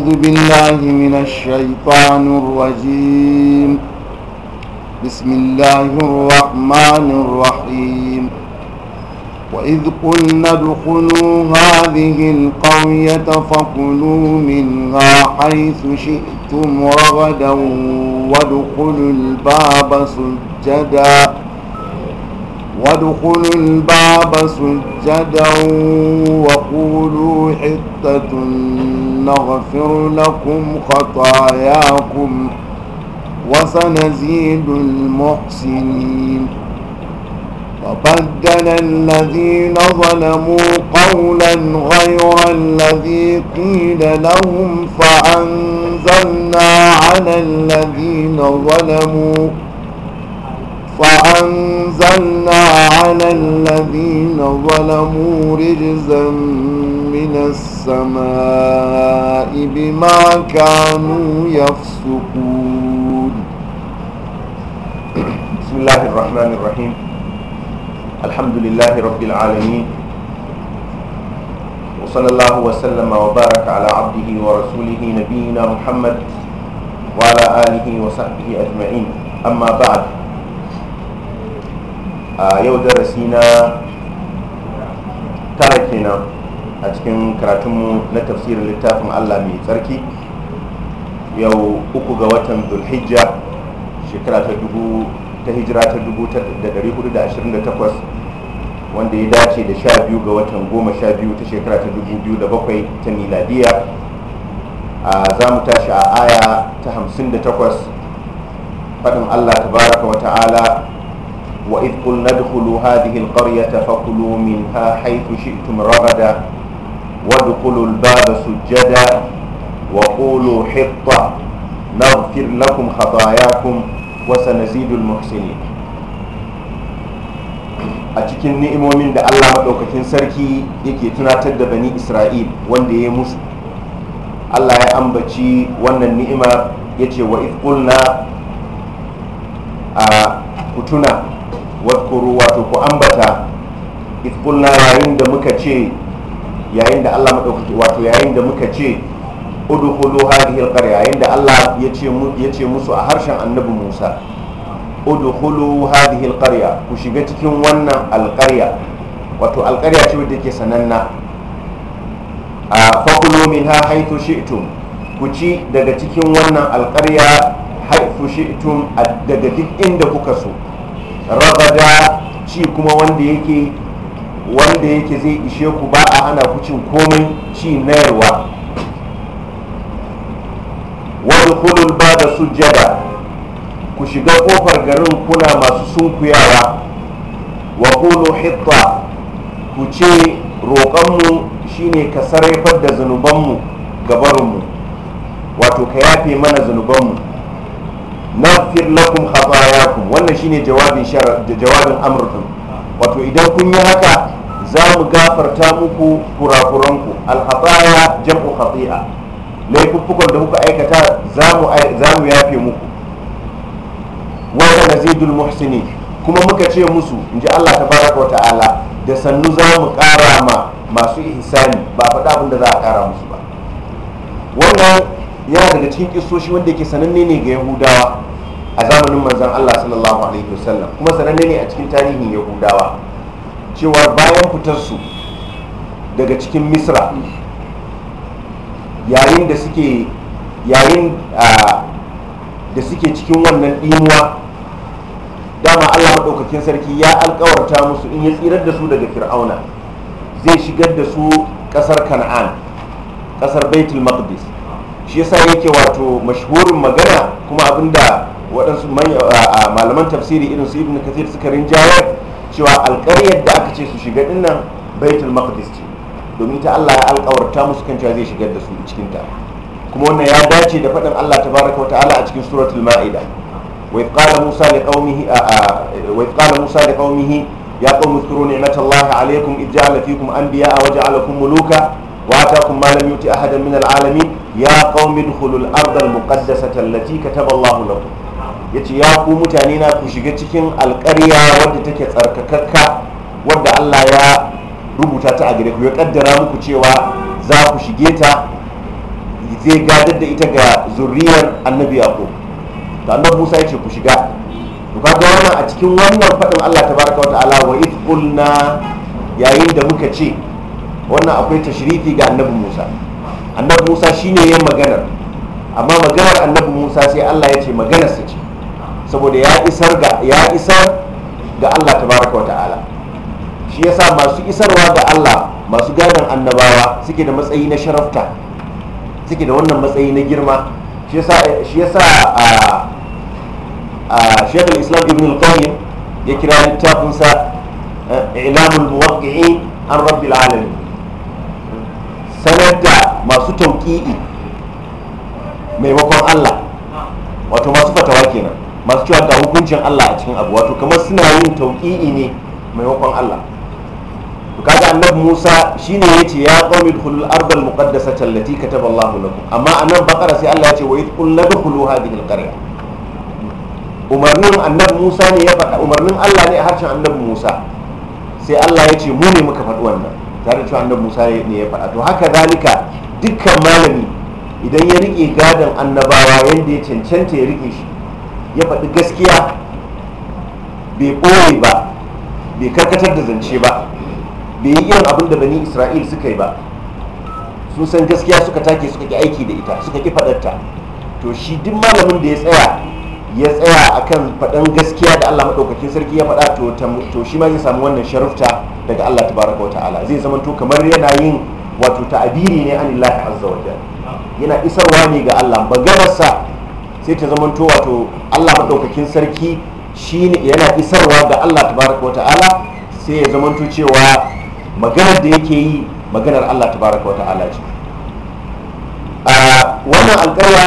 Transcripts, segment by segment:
أعوذ بالله من الشيطان الرجيم بسم الله الرحمن الرحيم وإذ قلنا ادخلوا هذه القرية فكلوا منها حيث شئتم رغدا وادخلوا الباب سجدا فادخلوا الباب سجدا وقولوا حتة نغفر لكم خطاياكم وسنزيد المحسنين فبدل الذين ظلموا قولا غير الذي قيل لهم فأنزلنا على الذين ظلموا وأنزلنا على الذين ظلموا رجزا من السماء بما كانوا يفسقون بسم الله الرحمن الرحيم الحمد لله رب العالمين وصلى الله وسلم وبارك على عبده ورسوله نبينا محمد وعلى آله وصحبه أجمعين أما بعد a yau darasi na tara kenan a cikin karatunmu na tafsirin littafin allah mai tsarki yau uku ga watan zulhijja shekara ta dubu ta hijira ta dubu da dari hudu da ashirin da takwas wanda ya dace da sha biyu ga watan goma sha biyu ta shekara ta dubu biyu da bakwai ta miladiya a za mu tashi a aya ta hamsin da takwas faɗin allah ta baraka wa ta'ala وإذ قلنا ادخلوا هذه القرية فكلوا منها حيث شئتم رغدا وادخلوا الباب سجدا وقولوا حطة نغفر لكم خطاياكم وسنزيد المحسنين a cikin ni'imomin da Allah maɗaukakin sarki yake tunatar da bani Isra'il wanda ya musu Allah ya ambaci wannan ni'ima ya ce wa ifkulna a kutuna wadkuru wato ku ambata ikulna yayin da muka ce yayin da Allah madaukaki wato yayin da muka ce udkhulu hadhihi alqarya yayin da Allah ya ce mu ya ce musu a harshen annabi Musa udkhulu hadhihi alqarya ku shiga cikin wannan alqarya wato alqarya ce wadda ke sananna a fakulu minha haythu shi'tum ku ci daga cikin wannan alqarya haythu shi'tum daga duk inda kuka so rabada ci kuma wanda yake wanda yake zai ishe ku ba a hana ku cin komai ci nayarwa wani kulul ba da sujjada ku shiga kofar garin kuna masu sunkuyawa wa kulu hitta ku ce roƙonmu shine ka sarrafa da zunubanmu gabarinmu wato ka yafe mana zunubanmu naghfir lakum khatayakum wannan shine jawabin da jawabin amr wato idan kun yi haka za mu gafarta muku kurakuranku al khataya jam'u khati'a laifuffukan da kuka aikata za mu yafe muku wa nazidul muhsini kuma muka ce musu in ji Allah tabaraka wa ta'ala da sannu za mu kara ma masu ihsani ba faɗa abin da za a kara musu ba wannan yana daga cikin kisoshi wanda yake sananne ne ga yahudawa a zamanin manzan allah sallallahu alaihi wasallam kuma sananne ne a cikin tarihin yahudawa cewa bayan fitarsu daga cikin misra yayin da suke yayin da suke cikin wannan ɗimuwa dama allah maɗaukakin sarki ya alkawarta musu in ya tsirar da su daga fir'auna zai shigar da su ƙasar kan'an ƙasar baitul maqdis shi yasa yake wato mashhurin magana kuma abinda waɗansu malaman tafsiri irin su ibn kathir suka rinjayar cewa alƙaryar da aka ce su shiga dinnan baitul maqdis ce domin ta Allah ya alƙawarta musu kan cewa zai shigar da su cikin ta kuma wannan ya dace da faɗin Allah tabaraka wa ta'ala a cikin suratul ma'ida wa qala musa qaumihi wa qala musa qaumihi ya qaumi اذكروا نعمة الله عليكم إذ جعل فيكم أنبياء وجعلكم واتاكم ما لم يؤت احدا من العالمين يا قوم ادخلوا الارض المقدسه التي كتب الله لكم yace ya ku mutane na ku shiga cikin alƙarya wadda take tsarkakakka wadda Allah ya rubuta ta a gare ku ya kaddara muku cewa za ku shige ta zai gadar da ita ga zuriyar annabi yaqub to annabi Musa yace ku shiga to kaga wannan a cikin wannan fadin Allah tabaraka wa ta'ala wa idh qulna yayin da muka ce wannan akwai tashrifi ga annabi musa annabi musa shine yin maganar amma maganar annabi musa sai allah ya ce su ce saboda ya isar ga ya isar ga allah tabaraka wa ta'ala shi yasa masu isarwa ga allah masu gadon annabawa suke da matsayi na sharafta suke da wannan matsayi na girma shi yasa a shekul islam ibn al-qayyim ya kira littafinsa eh, ilamul muwaqqi'in an rabbil alamin sanar da masu tauƙi'i maimakon Allah wato masu fatawa kenan masu cewa ga hukuncin Allah a cikin abu wato kamar suna yin tauƙi'i ne maimakon Allah to kaga annabi Musa shine yace ya qawmi dukhulul al muqaddasata allati kataba Allahu lakum amma annabi bakara sai Allah yace wa id qul ladkhulu hadhihi qarya umarnin annabi Musa ne ya faɗa umarnin Allah ne a harshen annabi Musa sai Allah ya ce mu ne muka faɗi wannan tare cewa annabi musa ne ya faɗa to haka zalika dukkan malami idan ya rike gadon annabawa yadda ya cancanta ya rike shi ya faɗi gaskiya bai ɓoye ba bai karkatar da zance ba bai yi irin abin da bani isra'il suka yi ba sun san gaskiya suka take suka ki aiki da ita suka ki faɗarta to shi duk malamin da ya tsaya ya tsaya akan faɗan gaskiya da allah maɗaukakin sarki ya faɗa to shi ma zai samu wannan sharufta daga Allah tabaraka wa ta'ala zai zama to kamar yana yin wato ta'abiri ne an Allah azza wa yana isarwa ne ga Allah sa sai ta zama to wato Allah madaukakin sarki shine yana isarwa ga Allah tabaraka wa ta'ala sai ya zama to cewa maganar da yake yi maganar Allah tabaraka wa ta'ala ce a wannan alƙarya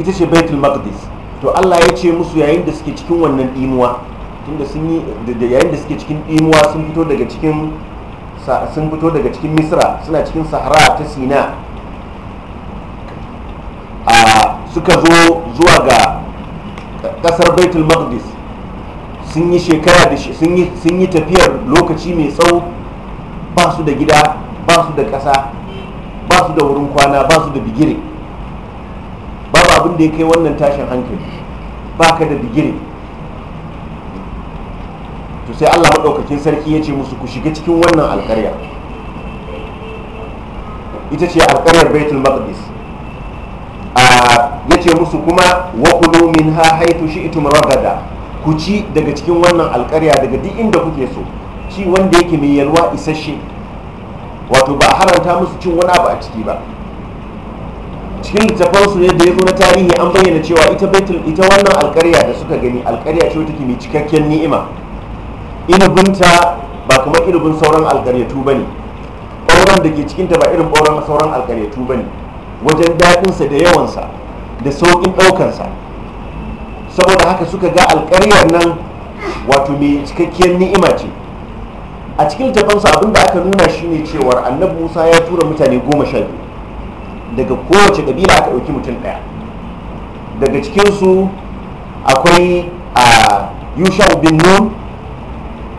ita ce baitul maqdis to Allah ya ce musu yayin da suke cikin wannan dimuwa tunda sun yi yayin da suke cikin imuwa sun fito daga cikin sun fito daga cikin misra suna cikin sahara ta sina a suka zo zuwa ga kasar baitul maqdis sun yi shekara da sun yi tafiyar lokaci mai tsawo ba su da gida ba su da ƙasa ba su da wurin kwana ba su da bigire babu abin da ya kai wannan tashin hankali ba ka da bigire to sai Allah maɗaukakin sarki ya ce musu ku shiga cikin wannan alƙarya ita ce alƙaryar baitul maqdis ya ce musu kuma wa kulu min ha haitu shi'tum ragada ku ci daga cikin wannan alƙarya daga duk inda kuke so ci wanda yake mai yalwa isasshe wato ba a haranta musu cin wani abu a ciki ba cikin littafansu ne da ya zo na tarihi an bayyana cewa ita baitul ita wannan alkarya da suka gani alkarya ce wata ke mai cikakken ni'ima inubinta ba kuma inubin sauran alkaryatu ba ne ɓauren da ke cikinta ba irin ɓauren sauran alkaryatu ba ne wajen daɗinsa da yawansa da sauƙin ɗaukansa saboda haka suka ga alkaryar nan wato mai cikakkiyar ni'ima ce a cikin abin abinda aka nuna shi ne cewar annabi musa ya tura mutane goma sha biyu daga kowace ƙabila aka ɗauki mutum ɗaya daga cikinsu akwai a ah, yusha bin nun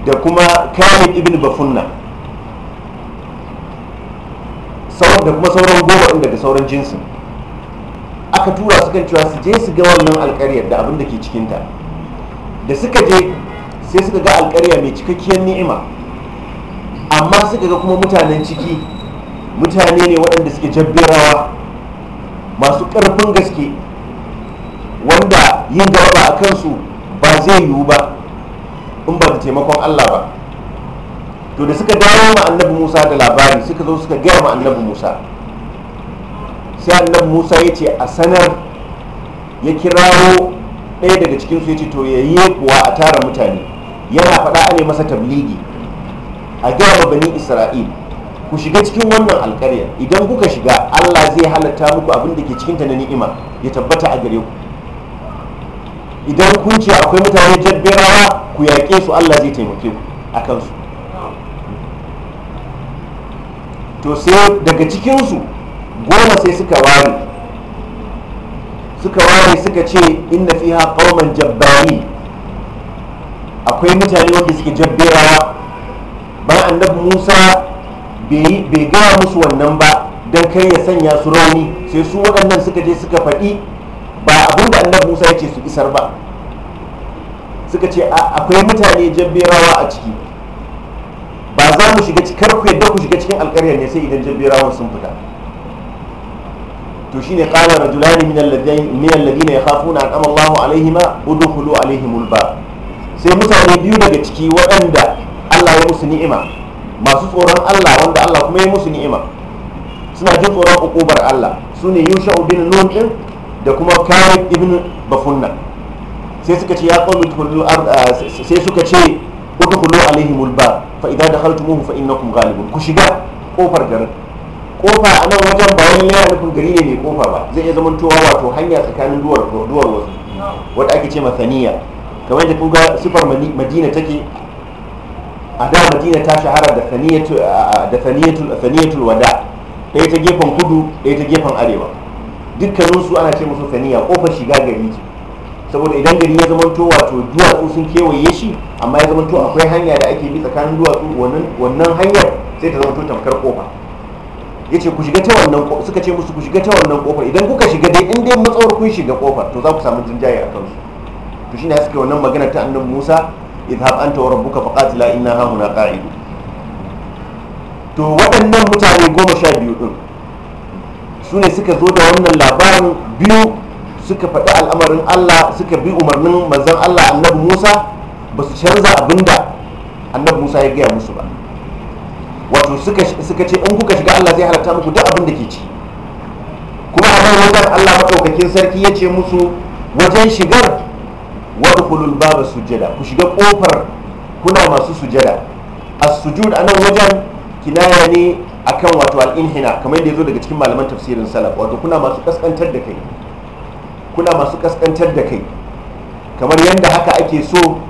da kuma kamil ibn bafunna da kuma sauran goma inda da sauran jinsin aka tura su kan cewa su je su ga wannan alkariyar da abin da ke cikinta da suka je sai suka ga alkarya mai cikakkiyar ni'ima amma suka ga kuma mutanen ciki mutane ne waɗanda suke jabberawa masu ƙarfin gaske wanda yin gaba a kansu ba zai yiwu ba in ba da taimakon Allah ba to da suka dawo ma annabi Musa da labari suka zo suka gaya ma annabi Musa sai annabi Musa ya ce a sanar ya kirawo ɗaya daga cikinsu ya ce to ya yi kuwa a tara mutane yana faɗa a ne masa tabligi a gaya ma bani Isra'il ku shiga cikin wannan alƙarya idan kuka shiga Allah zai halatta muku abin da ke cikinta na ni'ima ya tabbata a gare ku idan kun ce akwai mutane jabberawa ku yaƙe su allah zai taimake ku a kansu to sai daga cikinsu goma sai suka ware suka ware suka ce fi ha qauman jabbari akwai mutane wanda suke jabberawa ba annabi musa bai gaya musu wannan ba don kai ya sanya su rauni sai su waɗannan suka je suka faɗi ba abin da annabi musa ya ce su isar ba suka ce akwai mutane jabberawa a ciki ba za mu shiga kar ku yadda ku shiga cikin alkaryar ne sai idan jabberawan sun fita to shine qala rajulani min alladhina min alladhina yakhafuna an allahu alaihima udkhulu alaihimul ba sai mutane biyu daga ciki waɗanda Allah ya musu ni'ima masu tsoron Allah wanda Allah kuma ya musu ni'ima suna jin tsoron ukubar Allah su ne Yusha bin Nun din da kuma khalid ibn bafunna sai suka ce ya qawmi tuhullu ah, sai suka ce udkhulu alaihim mulba fa muhu fa innakum ghalibun ku shiga kofar garin kofa a nan wajen ba wani nufin gari ne mai kofa ba zai iya zaman wato hanya tsakanin duwar duwar wasu wadda ake ce masaniya kamar yadda kuka sifar madina take a da madina ta shahara da saniyatul ah, ah, wada ɗaya ta gefen kudu ɗaya ta gefen arewa dukkaninsu ana ce musu kaniya kofar shiga gari ce saboda idan gari ya zama to wato duwatsu sun kewaye shi amma ya zama to akwai hanya da ake bi tsakanin duwatsu wannan hanyar sai ta zama to tamkar kofa ya ce ku shiga ta wannan kofar suka ce musu ku shiga ta wannan kofar idan kuka shiga dai in dai matsawar kun shiga kofar to za ku samu jinjaye a kansu to shine suke wannan magana ta annabi Musa idhab anta wa rabbuka faqatila inna hahuna qa'idu to waɗannan mutane goma sha biyu din su ne suka zo da wannan labarin biyu suka faɗi al'amarin allah suka bi umarnin manzan allah annabi musa ba su canza abin da annabi musa ya gaya musu ba wato suka ce in kuka shiga allah zai halatta muku duk abin da ke ci kuma a nan wajen allah maɗaukakin sarki ya ce musu wajen shigar wadkhulul baba sujada ku shiga kofar kuna masu sujada a sujud nan wajen kinaya ne akan wato al-inhina kamar yadda zo daga cikin malaman tafsirin salaf wato kuna masu kaskantar da kai kuna masu kaskantar da kai kamar yadda haka ake so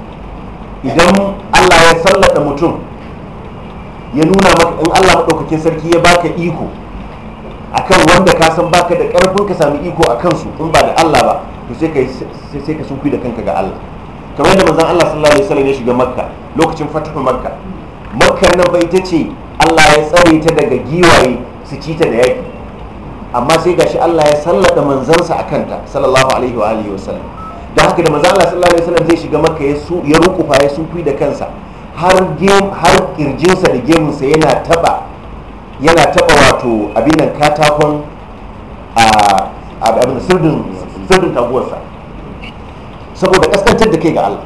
idan Allah ya sallada mutum ya nuna maka in Allah maɗaukakin sarki ya baka iko akan wanda ka san baka da karfin ka sami iko akan su in ba da Allah ba to sai ka sai ka sunkuyi da kanka ga Allah kamar yadda manzon Allah sallallahu alaihi wasallam ya shiga Makka lokacin fatahu Makka Makka nan bai ta ce Allah ya tsare ta daga giwaye su ci da yaki amma sai gashi Allah ya sallata manzansa a kanta sallallahu alaihi wa alihi wasallam da haka da manzo Allah sallallahu alaihi wasallam zai shiga maka ya rukufa ya sufi da kansa har gem har kirjinsa da gemunsa yana taba yana taba wato abin nan katakon a abin sirdin sirdin taguwarsa saboda kaskantar da kai ga Allah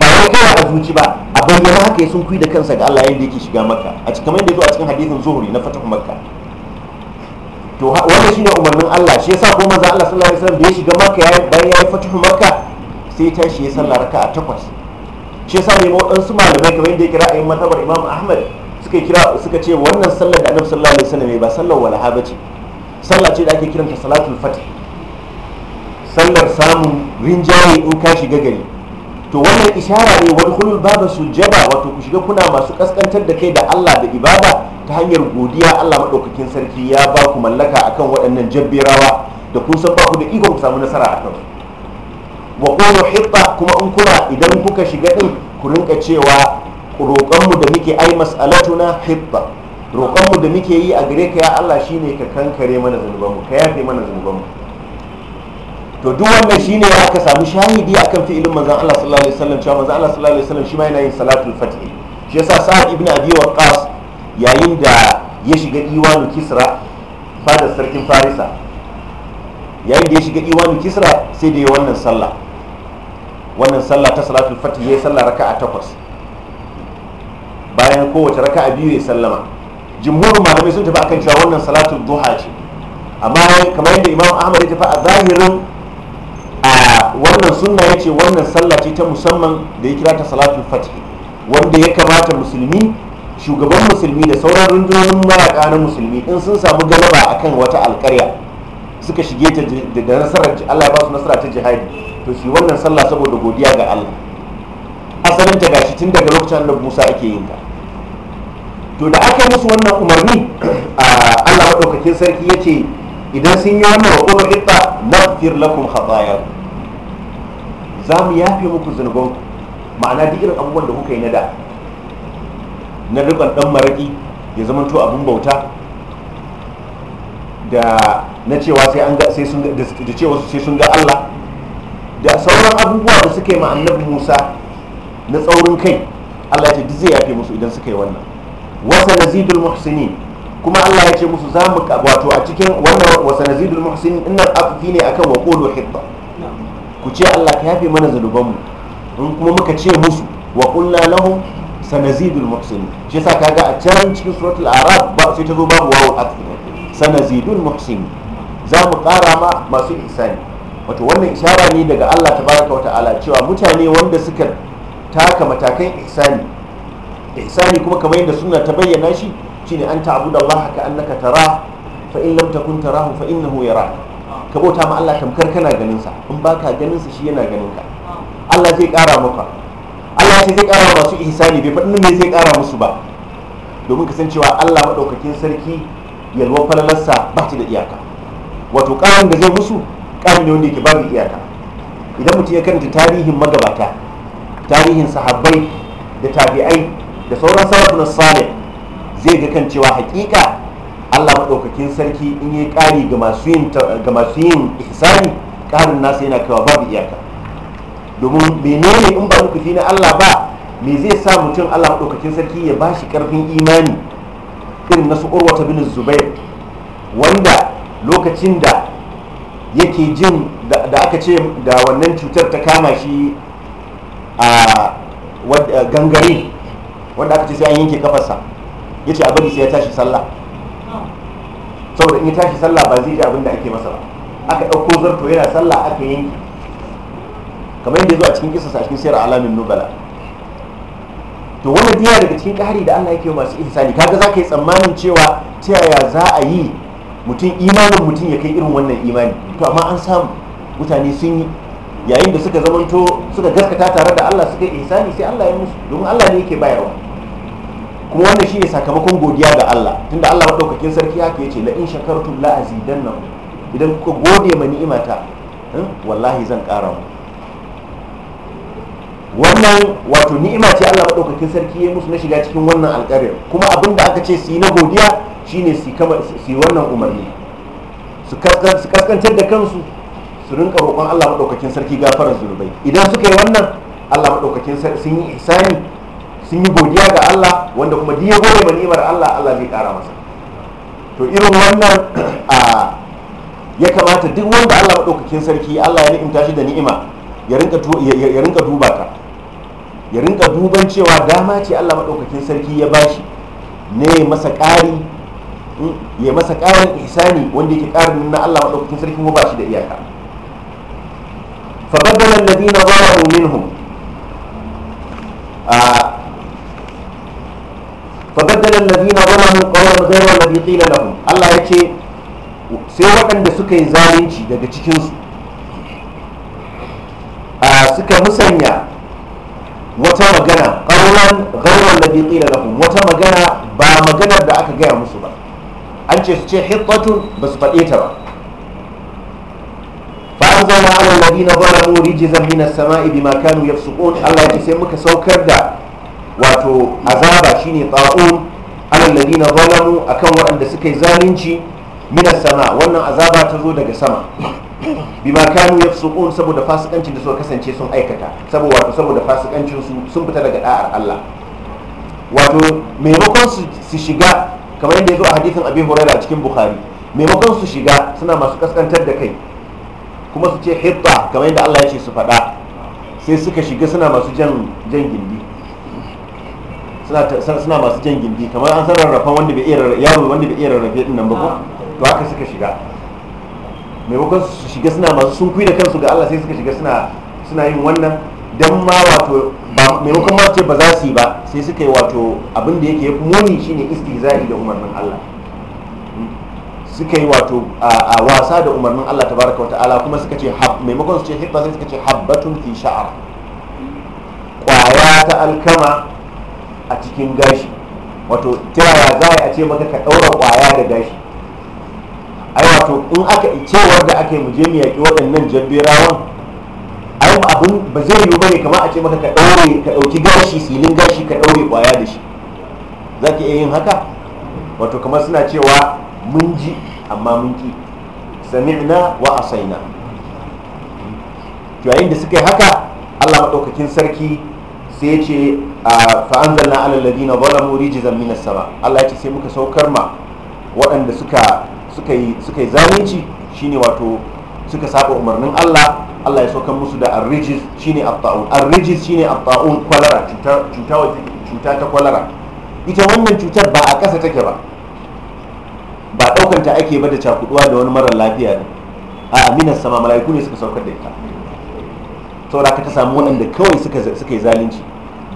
ba ya kai a zuci ba a bayyana haka ya sun kuyi da kansa ga Allah yadda yake shiga maka a cikin yadda ya zo a cikin hadithin zuhuri na fatahu makka to wannan shine umarnin Allah shi yasa ko manzo Allah sallallahu alaihi wasallam da ya shiga maka bayan ya yi fatahu makka sai ta shi ya sallah a takwas shi yasa ne waɗansu malamai kamar yadda ya kira ayin matabar Imam Ahmad suka kira suka ce wannan sallar da Annabi sallallahu alaihi wasallam ba sallar walaha ce sallah ce da ake kiranta salatul fatih sallar samun rinjaye in ka shiga gari to wannan ishara ne wa dukhulul baba jaba wato ku shiga kuna masu kaskantar da kai da Allah da ibada ta hanyar godiya Allah madaukakin sarki ya ba ku mallaka akan waɗannan jabbirawa da kun san ba ku da ikon ku samu nasara akan wa qulu hibba kuma in kuna idan kuka shiga din ku rinka cewa roƙonmu da muke ai mas'alatuna hitta roƙonmu da muke yi a gare ka ya Allah shine ka kankare mana zanubanmu ka yafe mana zanubanmu to duk wannan shine ya aka samu shahidi akan fi'ilin manzon Allah sallallahu alaihi wasallam cewa manzon Allah sallallahu alaihi wasallam shi ma yana yin salatul fath shi yasa sa'ad ibn abi waqqas yayin da ya shiga diwanu kisra fadar sarkin farisa yayin da ya shiga diwanu kisra sai da ya wannan sallah wannan sallah ta salatul fath ya yi sallah raka'a takwas bayan kowace raka'a biyu ya sallama jumhurin malamai sun tafi akan cewa wannan salatul duha ce amma kamar yadda imam ahmad ya tafi a zahirin wannan sunna ya ce wannan sallah ce ta musamman da ya kira ta salatul fatih wanda ya kamata musulmi shugaban musulmi da sauran rundunonin mayaka na musulmi in sun samu galaba akan wata alƙarya suka shige ta da nasarar Allah ya ba su nasara ta jihadi to shi wannan sallah saboda godiya ga Allah asalin ta gashi tun daga lokacin da Musa ake yin ta to da aka musu wannan umarni a Allah madaukakin sarki yace idan sun yi wannan wa qul itta lakum khatayakum za mu yafe muku zunubanku ma'ana duk irin abubuwan da kuka yi na da na riban dan maraki ya zama to abin bauta da na cewa sai an ga sai sun da cewa sai sun ga Allah da sauran abubuwa da suka yi ma annabi Musa na tsaurin kai Allah ya ce duk zai yafe musu idan suka yi wannan wasa nazidul muhsinin kuma Allah ya ce musu za mu wato a cikin wannan wasa nazidul muhsinin Inna afi ne akan wa qulu ku ce Allah ka yafe mana zanubanmu in kuma muka ce musu wa kulla lahu sanazidul muhsinin shi yasa ga a can cikin suratul arab ba sai ta zo babu wawu a sanazidul muhsinin za mu kara ma masu isani wato wannan ishara ne daga Allah Ta wata ala cewa mutane wanda suka taka matakan isani isani kuma kamar yadda suna ta bayyana shi shine an ta'budallaha ka annaka tara fa in lam takun tarahu fa innahu yaraka ka bauta ma Allah tamkar kana ganin sa in baka ganin sa shi yana ganin ka Allah zai kara maka Allah sai zai kara masu ihsani bai fadin me zai kara musu ba domin kasancewa Allah madaukakin sarki yalwa falalarsa ba ta da iyaka wato karin da zai musu karin ne wanda yake babu iyaka idan mutum ya karanta tarihin magabata tarihin sahabbai da tabi'ai da sauran salafun salih zai ga kan cewa hakika Allah maɗaukakin sarki in yi ƙari ga masu yin ihsani ƙarin nasa yana kawa babu iyaka domin menene in ba nufi na Allah ba me zai sa mutum Allah maɗaukakin sarki ya ba shi ƙarfin imani irin na su urwata bin zubair wanda lokacin da yake jin da aka ce da wannan cutar ta kama shi a gangare wanda aka ce sai an yanke kafarsa ya ce a bari sai ya tashi sallah saboda in ya tashi sallah ba zai ji abin da ake masa ba aka ɗauko zarto yana sallah aka yanki kamar yadda zo a cikin kisa a sayar alamin nubala to wannan biya daga cikin ƙari da Allah yake yi masu ihsani kaga za ka yi tsammanin cewa ta yaya za a yi mutum imanin mutum ya kai irin wannan imani to amma an samu mutane sun yi yayin da suka zamanto suka gaskata tare da Allah suka yi ihsani sai Allah ya musu domin Allah ne yake bayarwa kuma wannan shine sakamakon godiya ga Allah tunda Allah madaukakin sarki haka yace la in shakartum la azidannakum idan kuka gode ma ni'imata hmm, wallahi zan ƙara mu wannan wato ni'ima ce Allah madaukakin sarki ya musu na shiga cikin wannan alƙarin kuma abin da aka ce su yi na godiya shine su kama su wannan umarni su kaskantar da kansu su rinka roƙon Allah madaukakin sarki gafarar zunubai idan suka yi wannan Allah madaukakin sarki sun yi ihsani sun yi godiya ga Allah wanda kuma diya ya gode ma nimar Allah Allah zai kara masa to irin wannan a ya kamata duk wanda Allah maɗaukakin sarki Allah ya ni'imta shi da ni'ima ya rinka duba ka ya rinka duban cewa dama ce Allah maɗaukakin sarki ya bashi ne masa ƙari hmm, ya masa ƙarin ihsani wanda yake ƙarin na Allah maɗaukakin sarki ko bashi da iyaka fa baddala alladhina zalamu minhum فبدل الذين ظلموا قولا غير الذي قيل لهم الله يتي sai waɗanda suka yi zalunci daga cikinsu a suka musanya wata magana ƙaunar gairar da biƙila lahum wata magana ba maganar da aka gaya musu ba an ce su ce hittatun ba su faɗe ta ba fa'an zama ala ladina zalamu rijizan minas sama'i bima kanu yafsuqun Allah ya ce sai muka saukar da wato azaba shine ta'un alal ladina zalamu akan waɗanda suka yi zalunci minas sama wannan azaba ta zo daga sama bima kanu yafsuqun saboda fasikancin da suka kasance sun aikata saboda wato saboda fasikancin su sun fita daga da'ar Allah wato maimakon su shiga kamar yadda ya zo a hadithin abin Hurairah cikin Bukhari maimakon su shiga suna masu kaskantar da kai kuma su ce hitta kamar yadda Allah ya ce su faɗa sai suka shiga suna masu jan jan gindi suna masu jan gindi kamar an san rarrafan wanda bai iya yaro wanda bai iya rarrafe din nan ba ko ah. to haka suka shiga maimakon su shiga suna masu sun da kansu ga Allah sai suka shiga suna suna yin wannan dan ma wato maimakon ma ce ba za su yi ba sai suka yi wato abin da yake yafi muni shine istihza'i da umarnin Allah suka yi wato a wasa da umarnin Allah tabaraka wa ta'ala kuma suka ce maimakon su ce hibba sai suka ce habbatun fi sha'ar kwaya ta alkama a cikin gashi wato tiraya za a ce maka ka ɗaura ƙwaya da gashi ai wato in aka cewar da aka yi muje mu yaƙi waɗannan jabberawan ai abin ba zai yiwu bane kamar a ce maka ka ɗaure ka ɗauki gashi silin gashi ka ɗaure ƙwaya da shi za ki iya yin haka wato kamar suna cewa mun ji amma mun ki sami'na wa asaina yayin da suka yi haka allah maɗaukakin sarki sai ya ce na alalladi na zalamu rijizan minas sama Allah ya ce sai muka saukar ma waɗanda suka yi zalunci shine wato suka saba umarnin Allah Allah ya saukar musu da arrijis shine at-ta'un shine at kwalara cuta ta kwalara ita wannan cutar ba a ƙasa take ba ba ɗaukanta ake ba da cakuduwa da wani marar lafiya ne a minas sama mala'iku ne suka saukar da ita saboda ka ta samu waɗanda kawai suka yi zalunci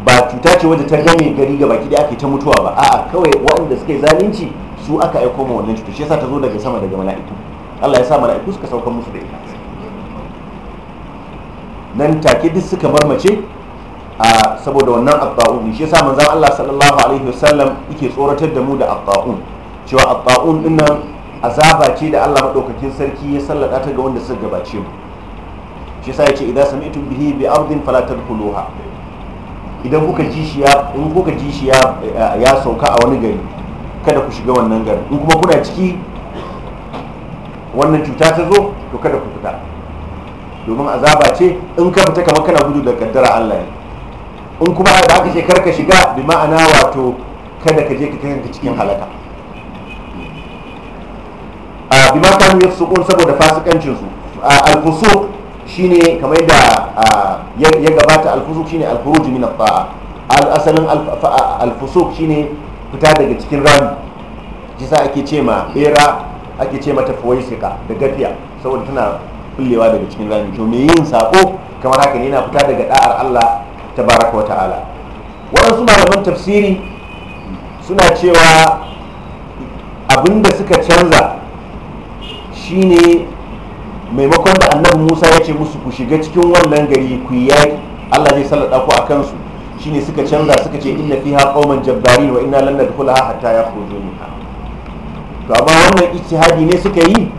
ba cuta ce wadda ta game gari ga baki da ake ta mutuwa ba a'a kawai waɗanda suka yi zalunci su aka aiko ma wannan cuta shi yasa ta zo daga sama daga mala'iku Allah ya sa mala'iku suka saukar musu da ita nan take duk suka marmace a saboda wannan abba'un shi yasa manzon Allah sallallahu alaihi wasallam yake tsoratar da mu da abba'un cewa abba'un din nan azaba ce da Allah madaukakin sarki ya sallada ta ga wanda suka gabace mu shi yasa yace idza sami'tum bihi bi ardin fala tadkhuluha idan kuka ji shi ya in kuka ji shi ya sauka a wani gari kada ku shiga wannan gari in kuma kuna ciki wannan cuta ta zo to kada ku fita domin azaba ce in ka fita kamar kana gudu da kaddara Allah ne in kuma da aka ce karka shiga bi ma'ana wato kada ka je ka kai kanka cikin halaka a bi ma kanu kun saboda fasikancin su al-fusuq shine kamar da ya gabata alfusuk shine alfuruji min taa al-asalin alfusuk shine fita daga cikin rami jisa ake ce ma bera ake ce mata fuwaisika da gafiya saboda tana kullewa daga cikin rami to me yin sako kamar haka ne yana fita daga da'ar Allah tabaraka wa ta'ala waɗansu malaman tafsiri suna cewa abinda suka canza shine maimakon da annabi musa ya ce musu ku shiga cikin wannan gari ku yi yaƙi allah zai sallada ku a kansu shine suka canza suka ce inna fiha qauman jabbarin wa inna lan nadkhulaha hatta yakhruju minha to amma wannan ijtihadi ne suka yi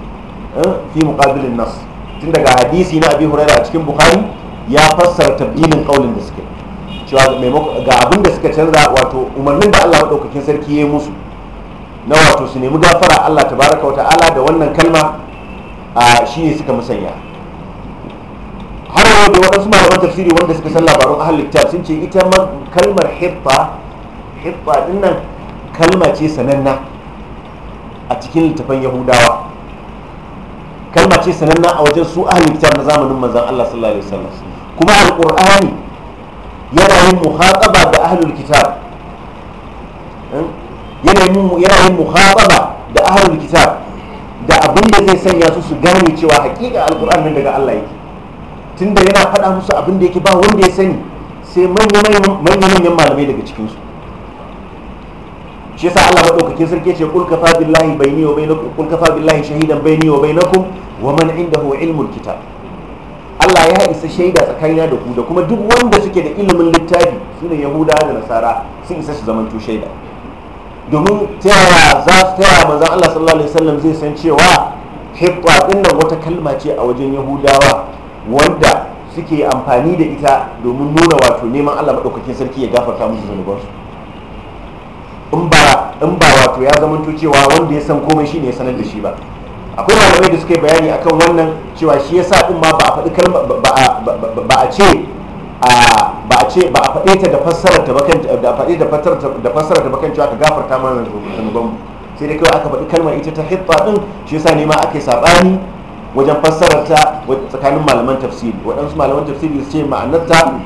eh, fi muqabilin nas tun daga hadisi na abi hurairah a cikin bukhari ya fassara tabdilin qaulin da suka cewa ga abin da suka canza wato umarnin da Allah maɗaukakin sarki ya yi musu na wato su nemi gafara Allah tabaraka wa ta'ala da wannan kalma a shi ne suka musanya har yau da waɗansu malaman tafsiri wanda suka san labarun ahal littab sun ce ita kalmar hibba hibba din nan kalma ce sananna a cikin littafan yahudawa kalma ce sananna a wajen su ahal littab na zamanin manzon allah sallallahu alaihi wasallam kuma alƙur'ani yana yin muhaqaba da ahlul kitab hmm? yana yin muhaqaba da ahlul kitab da abin da zai sanya su su gane cewa hakika alkur'an daga Allah yake tunda yana faɗa musu abin da yake ba wanda ya sani sai manya-manyan malamai daga cikinsu shi yasa Allah madaukakin sarki ce kul kafa billahi bayni wa bainakum kul kafa billahi shahidan bayni wa bainakum wa man indahu ilmul kitab Allah ya isa shaida tsakanina da ku da kuma duk wanda suke da ilimin littafi sune yahuda da nasara sun isa su zamanto shaida domin taya za manzan Allah sallallahu alaihi wasallam zai san cewa hitta din wata kalma ce a wajen yahudawa wanda suke amfani da ita domin nuna wato neman Allah madaukakin sarki ya gafarta musu zunubansu in ba in ba wato ya zamanto cewa wanda ya san komai shine ya sanar da shi ba akwai malamai da suka yi bayani akan wannan cewa shi yasa din ma ba a faɗi kalma ba a ce a ba a ce ba a faɗe ta da fassara ta bakan da faɗe da da fassara ta bakan cewa ka gafarta mana zunubanmu sai dai kawai aka faɗi kalmar ita ta hitta din shi yasa ne ma ake sabani wajen fassarar ta tsakanin malaman tafsiri waɗansu malaman tafsiri su ce ma'anar ta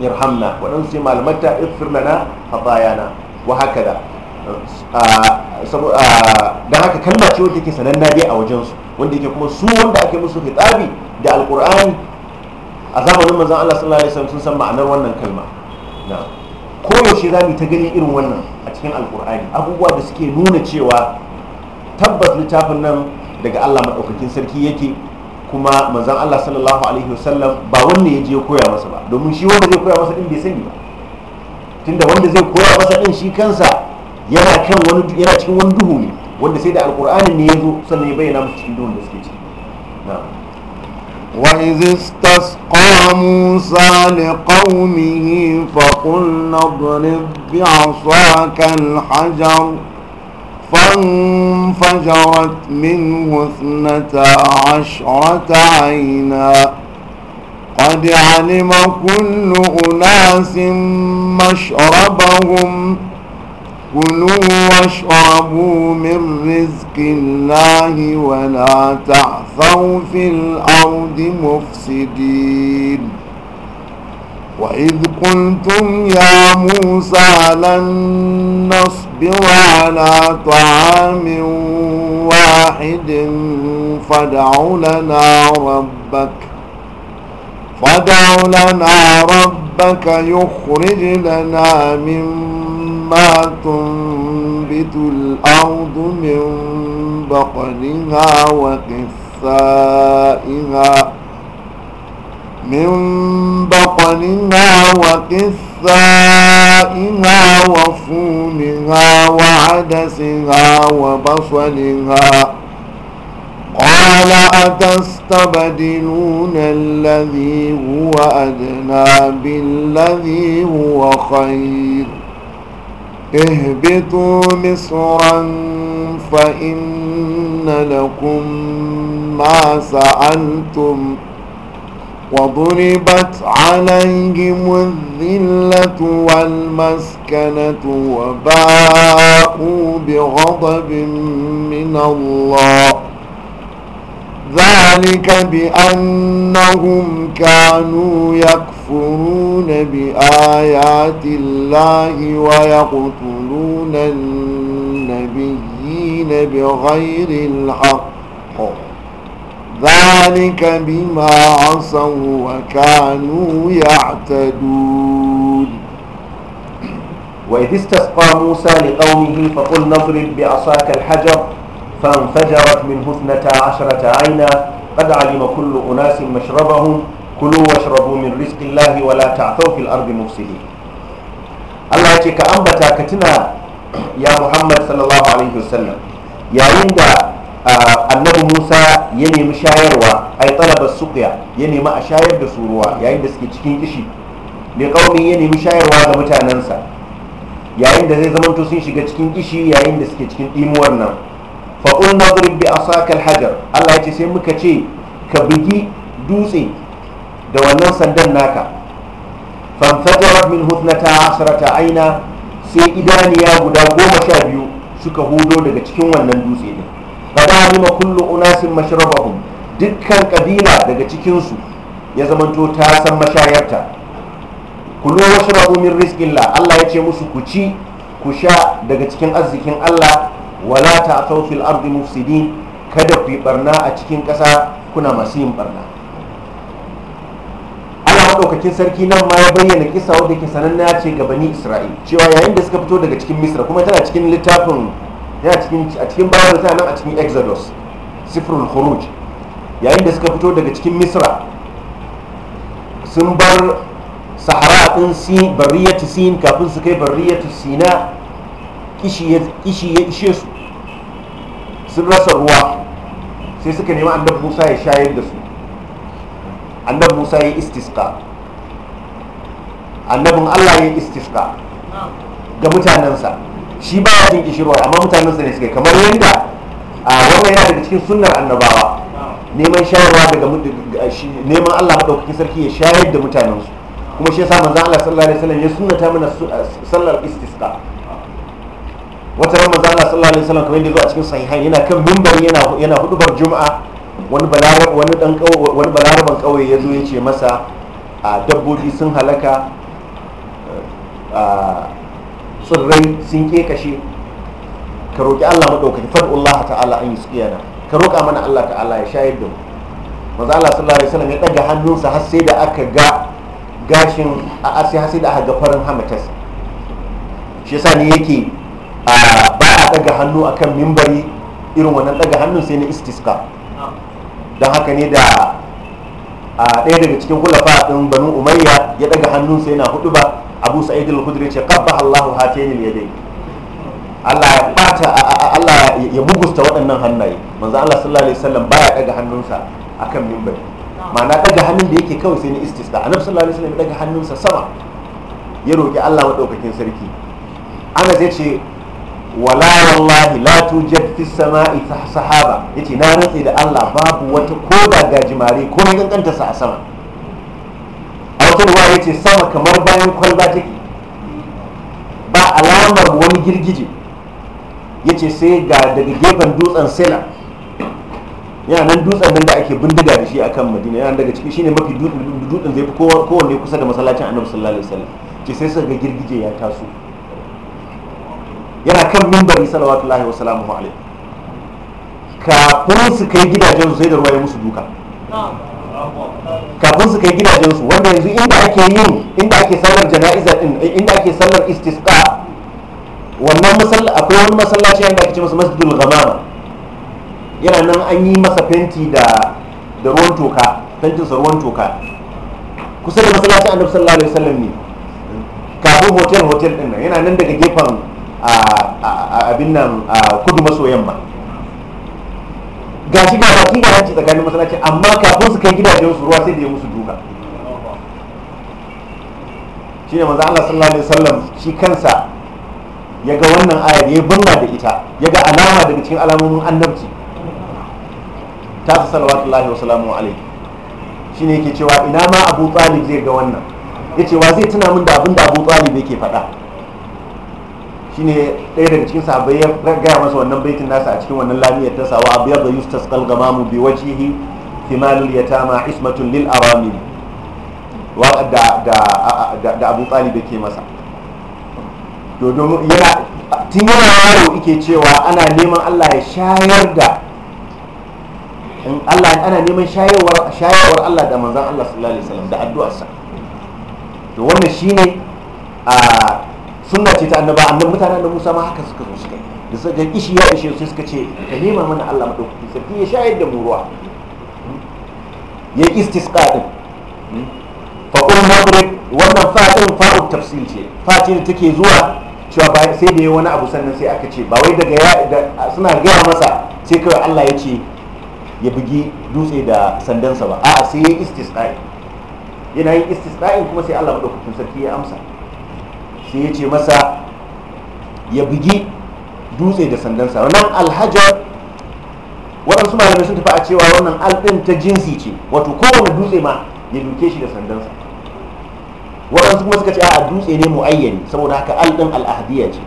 irhamna waɗansu ce malaman ta ighfir lana khatayana wa haka da don haka kalma ce wanda yake sananna dai a wajensu wanda yake kuma su wanda ake musu hitabi da alqur'ani a zamanin manzan Allah sallallahu alaihi wasallam sun san ma'anar wannan kalma na koyaushe za mu ta gani irin wannan a cikin alkur'ani abubuwa da suke nuna cewa tabbas littafin nan daga Allah maɗaukakin sarki yake kuma manzan Allah sallallahu alaihi wasallam ba wanda ya je koya masa ba domin shi wanda zai koya masa din bai sani ba tunda wanda zai koya masa din shi kansa yana kan wani yana cikin wani duhu ne wanda sai da alkur'ani ne ya zo sannan ya bayyana musu cikin duhun da suke ciki na'am وإذ استسقى موسى لقومه فقلنا اضرب بعصاك الحجر فانفجرت منه اثنتا عشرة عينا قد علم كل أناس مشربهم كلوا واشربوا من رزق الله ولا تعثوا في الأرض مفسدين وإذ قلتم يا موسى لن نصبر على طعام واحد فادع لنا ربك فادع لنا ربك يخرج لنا مما تنبت الأرض من بقلها وقثائها من بقلها وقثائها وفومها وعدسها وبصلها قال أتستبدلون الذي هو أدنى بالذي هو خير اهبطوا مصرا فإن لكم ما سألتم وضربت عليهم الذلة والمسكنة وباءوا بغضب من الله ذلك بأنهم كانوا يكفرون يكفرون بآيات الله ويقتلون النبيين بغير الحق ذلك بما عصوا وكانوا يعتدون وإذ استسقى موسى لقومه فقل نضرب بعصاك الحجر فانفجرت منه اثنتا عشرة عينا قد علم كل أناس مشربهم kulu washrabu min rizqillahi wa la ta'thaw fil ardi mufsidin Allah ya ce ka ambata ka tuna ya Muhammad sallallahu alaihi wasallam yayin da annabi Musa ya nemi shayarwa ay talaba suqya ya nemi a shayar da suruwa ruwa yayin da suke cikin kishi li ya nemi shayarwa ga mutanansa yayin da zai zamanto sun shiga cikin kishi yayin da suke cikin dimuwar nan fa qul nadrib bi asaka al-hajar Allah ya ce sai muka ce ka bugi dutse da wannan sandan naka na min hutnata ta aina sai idaniya guda goma sha biyu suka hudo daga cikin wannan dutse ne. din fadarima kullu unasin mashrabahum dukkan kabila daga cikinsu ya zamanto ta san mashayarta kullu washrabu min rizqillah Allah ya ce musu ku ci ku sha daga cikin arzikin Allah wala ta'thaw fil ardi mufsidin kada ku yi barna a cikin ƙasa kuna masu yin barna maɗaukakin sarki nan ma ya bayyana kisa wadda ke sananna ce ga bani isra'il cewa yayin da suka fito daga cikin misra kuma tana cikin littafin yana cikin a cikin bayan tana nan a cikin exodus sifrul khuruj yayin da suka fito daga cikin misra sun bar sahara ɗin sin bariyatu sin kafin su kai bariyatu sina kishi ya ishe su sun rasa ruwa sai suka nemi annabi musa ya shayar da su annab musa ya istiska annabin allah ya istiska ga mutanensa shi ba ya jin kishirwa amma mutanensa ne suke kamar yadda a wannan yana daga cikin sunnar annabawa neman shayarwa daga neman allah maɗaukaki sarki ya shayar da mutanensu kuma shi yasa manzon allah sallallahu alaihi wasallam ya sunnata mana sallar istiska wata ran manzon allah sallallahu alaihi wasallam kamar yadda zo a cikin sahihan yana kan mimbar yana yana hudubar juma'a wani balaraban kawai ya zo ya ce masa a dabbobi sun halaka tsirrai sun kashe ka roƙi allah maɗaukaki fadullah ta'ala an yi tsiyana ka roƙa mana allah ta'ala ya shayar da mu maza allah sallallahu alaihi wasallam ya ɗaga hannunsa har sai da aka ga gashin a sai har sai da aka ga farin hamatarsa shi yasa ne yake ba a ɗaga hannu akan mimbari irin wannan ɗaga hannun sai na istiska don haka ne da a ɗaya daga cikin hulafa ɗin banu umayya ya ɗaga hannunsa yana hudu ba abu sa'id al-khudri ce qabba allahu hatayn al-yadayn Allah ya bata Allah ya bugusta waɗannan hannaye manzo Allah sallallahu alaihi wasallam baya ɗaga hannunsa akan minbari ma'ana ɗaga hannun da yake kawai sai ni istisqa annabi sallallahu alaihi wasallam ya ɗaga hannunsa sama ya roki Allah madaukakin sarki ana zai ce wala wallahi la tujad fi sama'i sahaba yace na rantse da Allah babu wata ko da gajimare ko mai ganganta sa a sama a wata ruwa yace sama kamar bayan kwalba take ba alamar wani girgije yace sai ga daga gefen dutsen sela yana nan dutsen nan da ake bindiga da shi akan madina yana daga ciki shine mafi dutsen zai fi kowanne kusa da masallacin annabi sallallahu alaihi sai suka ga girgije ya taso yana kan mimbari lahi wa salamuhu alaihi kafin su kai gidajen su sai da ruwa ya musu duka kafin su kai gidajen su wanda yanzu inda ake yin inda ake sallar jana'iza din inda ake sallar istisqa wannan masalla akwai wani masallaci inda ake ce masa masjidul ghamama yana nan an yi masa fenti da da ruwan toka fentin sa ruwan toka kusa da masallacin annabi sallallahu alaihi wasallam ne kafin hotel hotel din nan yana nan daga gefen a abin nan kudu maso yamma gashi ga baki ga hanci tsakanin masallaci amma kafin su kai gidajen su ruwa sai da ya musu duka shi ne manzo Allah sallallahu alaihi wasallam shi kansa ya ga wannan ayar ya burna da ita ya ga alama daga cikin alamomin annabci ta fi lahi wa salamu alaihi shi ne yake cewa ina ma abu talib zai ga wannan ya cewa wa zai tuna min da abin da abu talib yake faɗa shine ɗaya daga cikin sahabbai ya gaya masa wannan baitin nasa a cikin wannan lamiyar ta sawa abu yadda yustas mu bi wajihi thimalul yatama ismatun lil a waƙar da abu da ke masa domin yana tun yana yaro ike cewa ana neman allah ya shayar da allah ana neman shayarwar allah da manzan allah sallallahu alaihi wasallam da addu'arsa to wannan shine a ah, sunna ce ta annaba annan mutanen da musa ma haka suka zo suka da suka ishi ya ishe sai suka ce ka nema mana allah maɗaukaki sarki ya shayar da mu ruwa ya istisqa din faƙon maghrib wannan fa'in fa'u tafsil ce fa'in ta take zuwa cewa sai da ya wani abu sannan sai aka ce ba wai daga ya suna gaya masa sai kawai allah ya ce ya bugi dutse da sandansa ba a'a sai ya istisqa yana yin istisqa kuma sai allah maɗaukakin sarki ya amsa sai ya ce masa ya bugi dutse da sandansa wannan alhajar waɗansu malamai sun tafi a cewa wannan alɗin ta jinsi ce wato kowane dutse ma ya duke shi da sandansa waɗansu kuma suka ce a dutse ne mu ayyani saboda haka alɗin al'ahadiyya ce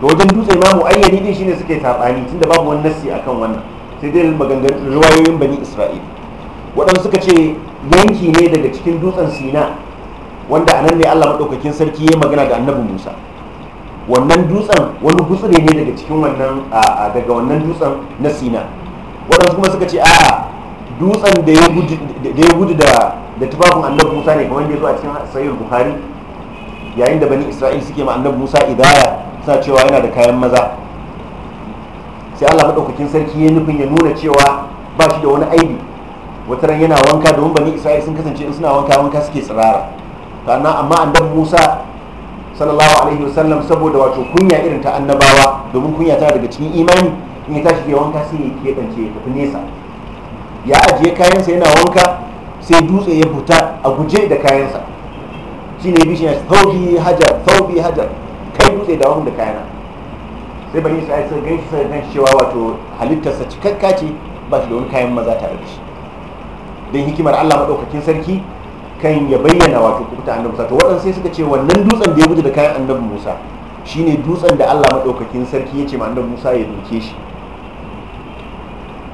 da wajen dutse ma mu mu'ayyani shi shine suke saɓani tunda babu wani nassi akan wannan sai dai maganganun ruwayoyin bani isra'ila waɗansu suka ce yanki ne daga cikin dutsen sina wanda anan ne Allah madaukakin sarki ya magana da annabi Musa wannan dutsen wani gutsure ne daga cikin wannan daga wannan dutsen na Sina waɗansu kuma suka ce a'a dutsen da ya gudu da da tufafin annabi Musa ne kamar da ya zo a cikin sahih Bukhari yayin da bani Isra'il suke ma annabi Musa idaya suna cewa yana da kayan maza sai Allah madaukakin sarki ya nufin ya nuna cewa ba shi da wani aibi wataran yana wanka domin bani Isra'il sun kasance in suna wanka wanka suke tsirara kana amma annabi Musa sallallahu alaihi wasallam saboda wato kunya irin ta annabawa domin kunya ta daga cikin imani in ya tashi ke wanka sai ya keɓance ya tafi nesa ya ajiye kayansa yana wanka sai dutse ya fita a guje da kayansa shine bishin ya thawbi hajar thawbi hajar kai dutse da wani da kayana sai bani sai sai gaishe sai ganshi cewa wato halittarsa cikakka ce ba shi da wani kayan maza tare da shi don hikimar Allah maɗaukakin sarki kan ya bayyana wato kubuta annabi musa to waɗansu sai suka ce wannan dutsen da ya bude da kayan annabi musa shine dutsen da allah maɗaukakin sarki ya ce ma annabi musa ya doke shi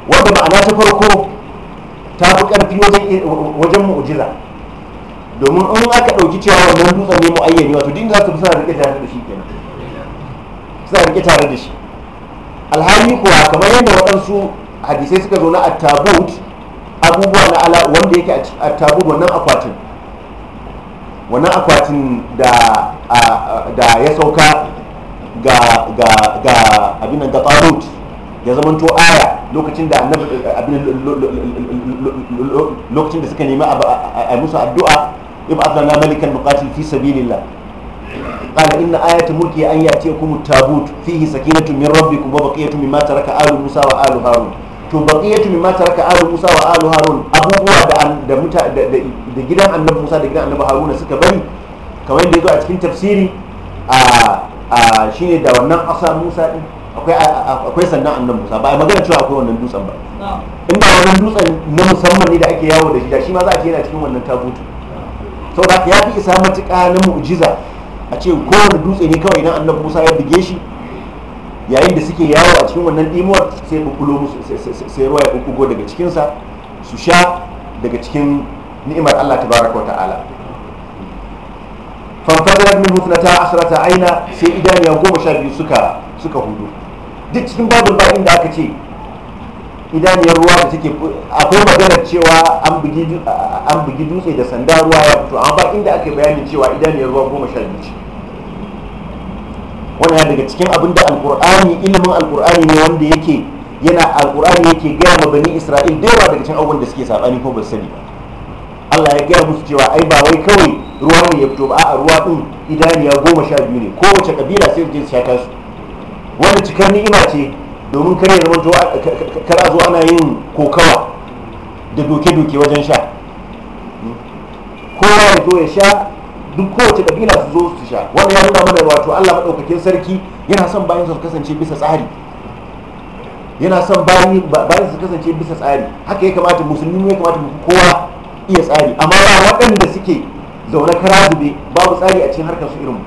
wanda ma'ana ta farko ta fi ƙarfi wajen mu'ujiza domin in aka ɗauki cewa wannan dutsen ne mu'ayyani wato din za su fi suna riƙe tare da shi kenan suna rike tare da shi alhali kuwa kamar yadda waɗansu hadisai suka zo na attabut abubuwa na ala wanda yake a tabu wannan akwatin wannan akwatin da ya sauka ga abin da tsarot ya zamanto aya lokacin da annabi lokacin da suka nemi a musu addu'a ibn abdullah malikan muqatil fi sabilillah qala inna ayata mulki an yatiyakum at-tabut fihi sakinatu min rabbikum wa baqiyatu mimma taraka alu musa wa alu harun to baqiyatu mimma taraka alu musa wa alu harun abubuwa da da muta da gidan annabi musa da gidan annabi haruna suka bari kamar yadda zo a cikin tafsiri a shine da wannan asa musa din akwai akwai annan annabi musa ba a magana cewa akwai wannan dutsen ba inda wannan dutsen na musamman ne da ake yawo da shi da shi ma za a ce yana cikin wannan tabutu saboda ya fi isa matuƙa na mu'jiza a ce kowane dutse ne kawai idan annabi musa ya buge shi yayin da suke yawo a cikin wannan dimuwar sai bukulo musu sai ruwa ya bukugo daga cikinsa su sha daga cikin ni'imar Allah tabaraka wa ta'ala fanfadar min ta asrata aina sai idaniya goma sha biyu suka suka hudu duk cikin babin ba inda aka ce idaniyar ruwa da take akwai maganar cewa an bugi dutse da sanda ruwa ya fito amma ba inda aka bayanin cewa idaniyar ruwa goma sha biyu ce ya daga cikin abin da alkur'ani ilimin alkur'ani ne wanda yake yana alkur'ani yake gaya ma bani isra'il da yawa daga cikin abubuwan da suke saɓani ko ba sani allah ya gaya musu cewa ai ba wai kawai ruwa ne ya fito ba a ruwa ɗin idaniya goma sha biyu ne kowace kabila sai su je su sha tasu wanda cikar ni'ima ce domin kar ya zamanto kar a zo ana yin kokawa da doke-doke wajen sha kowa ya zo ya sha duk kowace kabila su zo su sha wanda ya nuna mana wato Allah madaukakin sarki yana son bayin su kasance bisa tsari yana son bayin su kasance bisa tsari haka ya kamata musulmi ya kamata kowa iya tsari amma ba waɗanda suke zaune kara zube babu tsari a cikin harkar su irin mu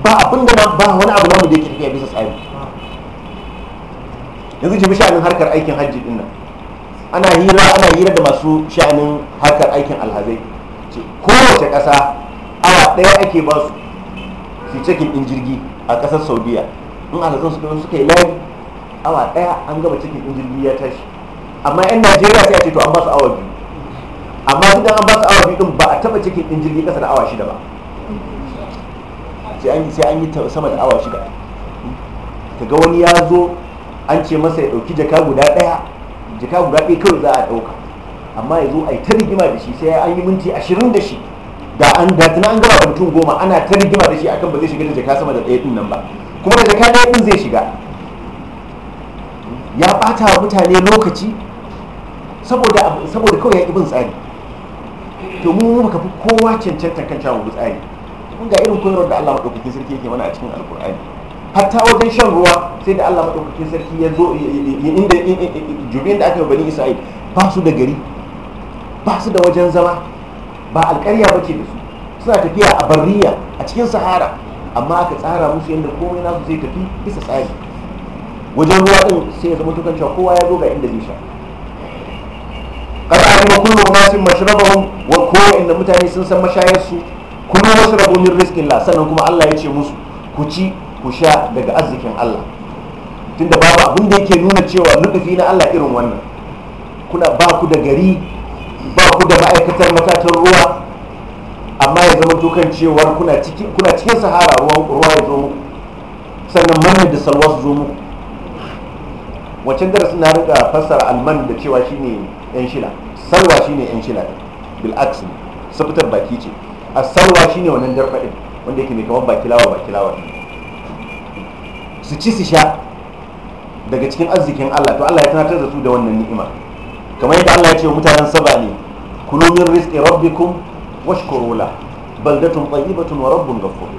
ba abin da ba wani abu namu da yake tafiya bisa tsari yanzu jibi sha'anin harkar aikin hajji din nan ana hira ana hira da masu sha'anin harkar aikin alhazai kowace ƙasa awa daya ake ba su su cikin ɗin jirgi a ƙasar saudiya in aka zo su suka yi layi awa daya an gaba cikin ɗin jirgi ya tashi amma 'yan najeriya sai a ce to an ba su awa biyu amma duk an ba su awa biyu din ba a taɓa cikin ɗin jirgi ƙasa da awa shida ba sai an yi sama da awa shida ka ga wani ya zo an ce masa ya ɗauki jaka guda ɗaya jaka guda ɗaya kawai za a ɗauka amma ya zo a yi ta rigima da shi sai an yi minti ashirin da shi da an da an gaba mutum goma ana ta rigima da shi akan ba zai shiga da jaka sama da ɗaya ɗin nan ba kuma da jaka ɗaya ɗin zai shiga ya ɓata wa mutane lokaci saboda kawai ya ƙi bin tsari to mu ka fi kowa cancanta kan cewa mu tsari mun ga irin koyarwar da Allah madaukakin sarki yake mana a cikin alkur'ani hatta wajen shan ruwa sai da Allah madaukakin sarki ya zo inda jubin da aka yi bani isra'il ba su da gari ba su da wajen zama ba alƙarya ba ce da su suna tafiya a barriya a cikin sahara amma aka tsara musu yadda komai nasu zai tafi bisa tsari wajen ruwa ɗin sai ya zama tukan cewa kowa ya zo ga inda zai sha kada kuma kullum sun mashrabahum wa kowa inda mutane sun san mashayarsu kullum wasu rabu min riskin la sannan kuma Allah ya ce musu ku ci ku sha daga arzikin Allah tunda babu abin da yake nuna cewa nufi na Allah irin wannan kuna ba ku da gari ba ku da ma'aikatar matatan ruwa amma ya zama tukan cewa kuna cikin sahara ruwa ya zo mu sannan manna da salwa su zo muku wacin darasin na rika fassara alman da cewa shine yan shila salwa shine yan shila bil aksi sabutar baki ce a salwa shine wannan darfadin wanda yake mai kamar bakilawa bakilawa su ci su sha daga cikin arzikin Allah to Allah ya tunatar da su da wannan ni'ima kamar yadda Allah ya ce mutanen saba ne kulu min rizqi rabbikum washkuru la baldatun tayyibatun wa rabbun ghafur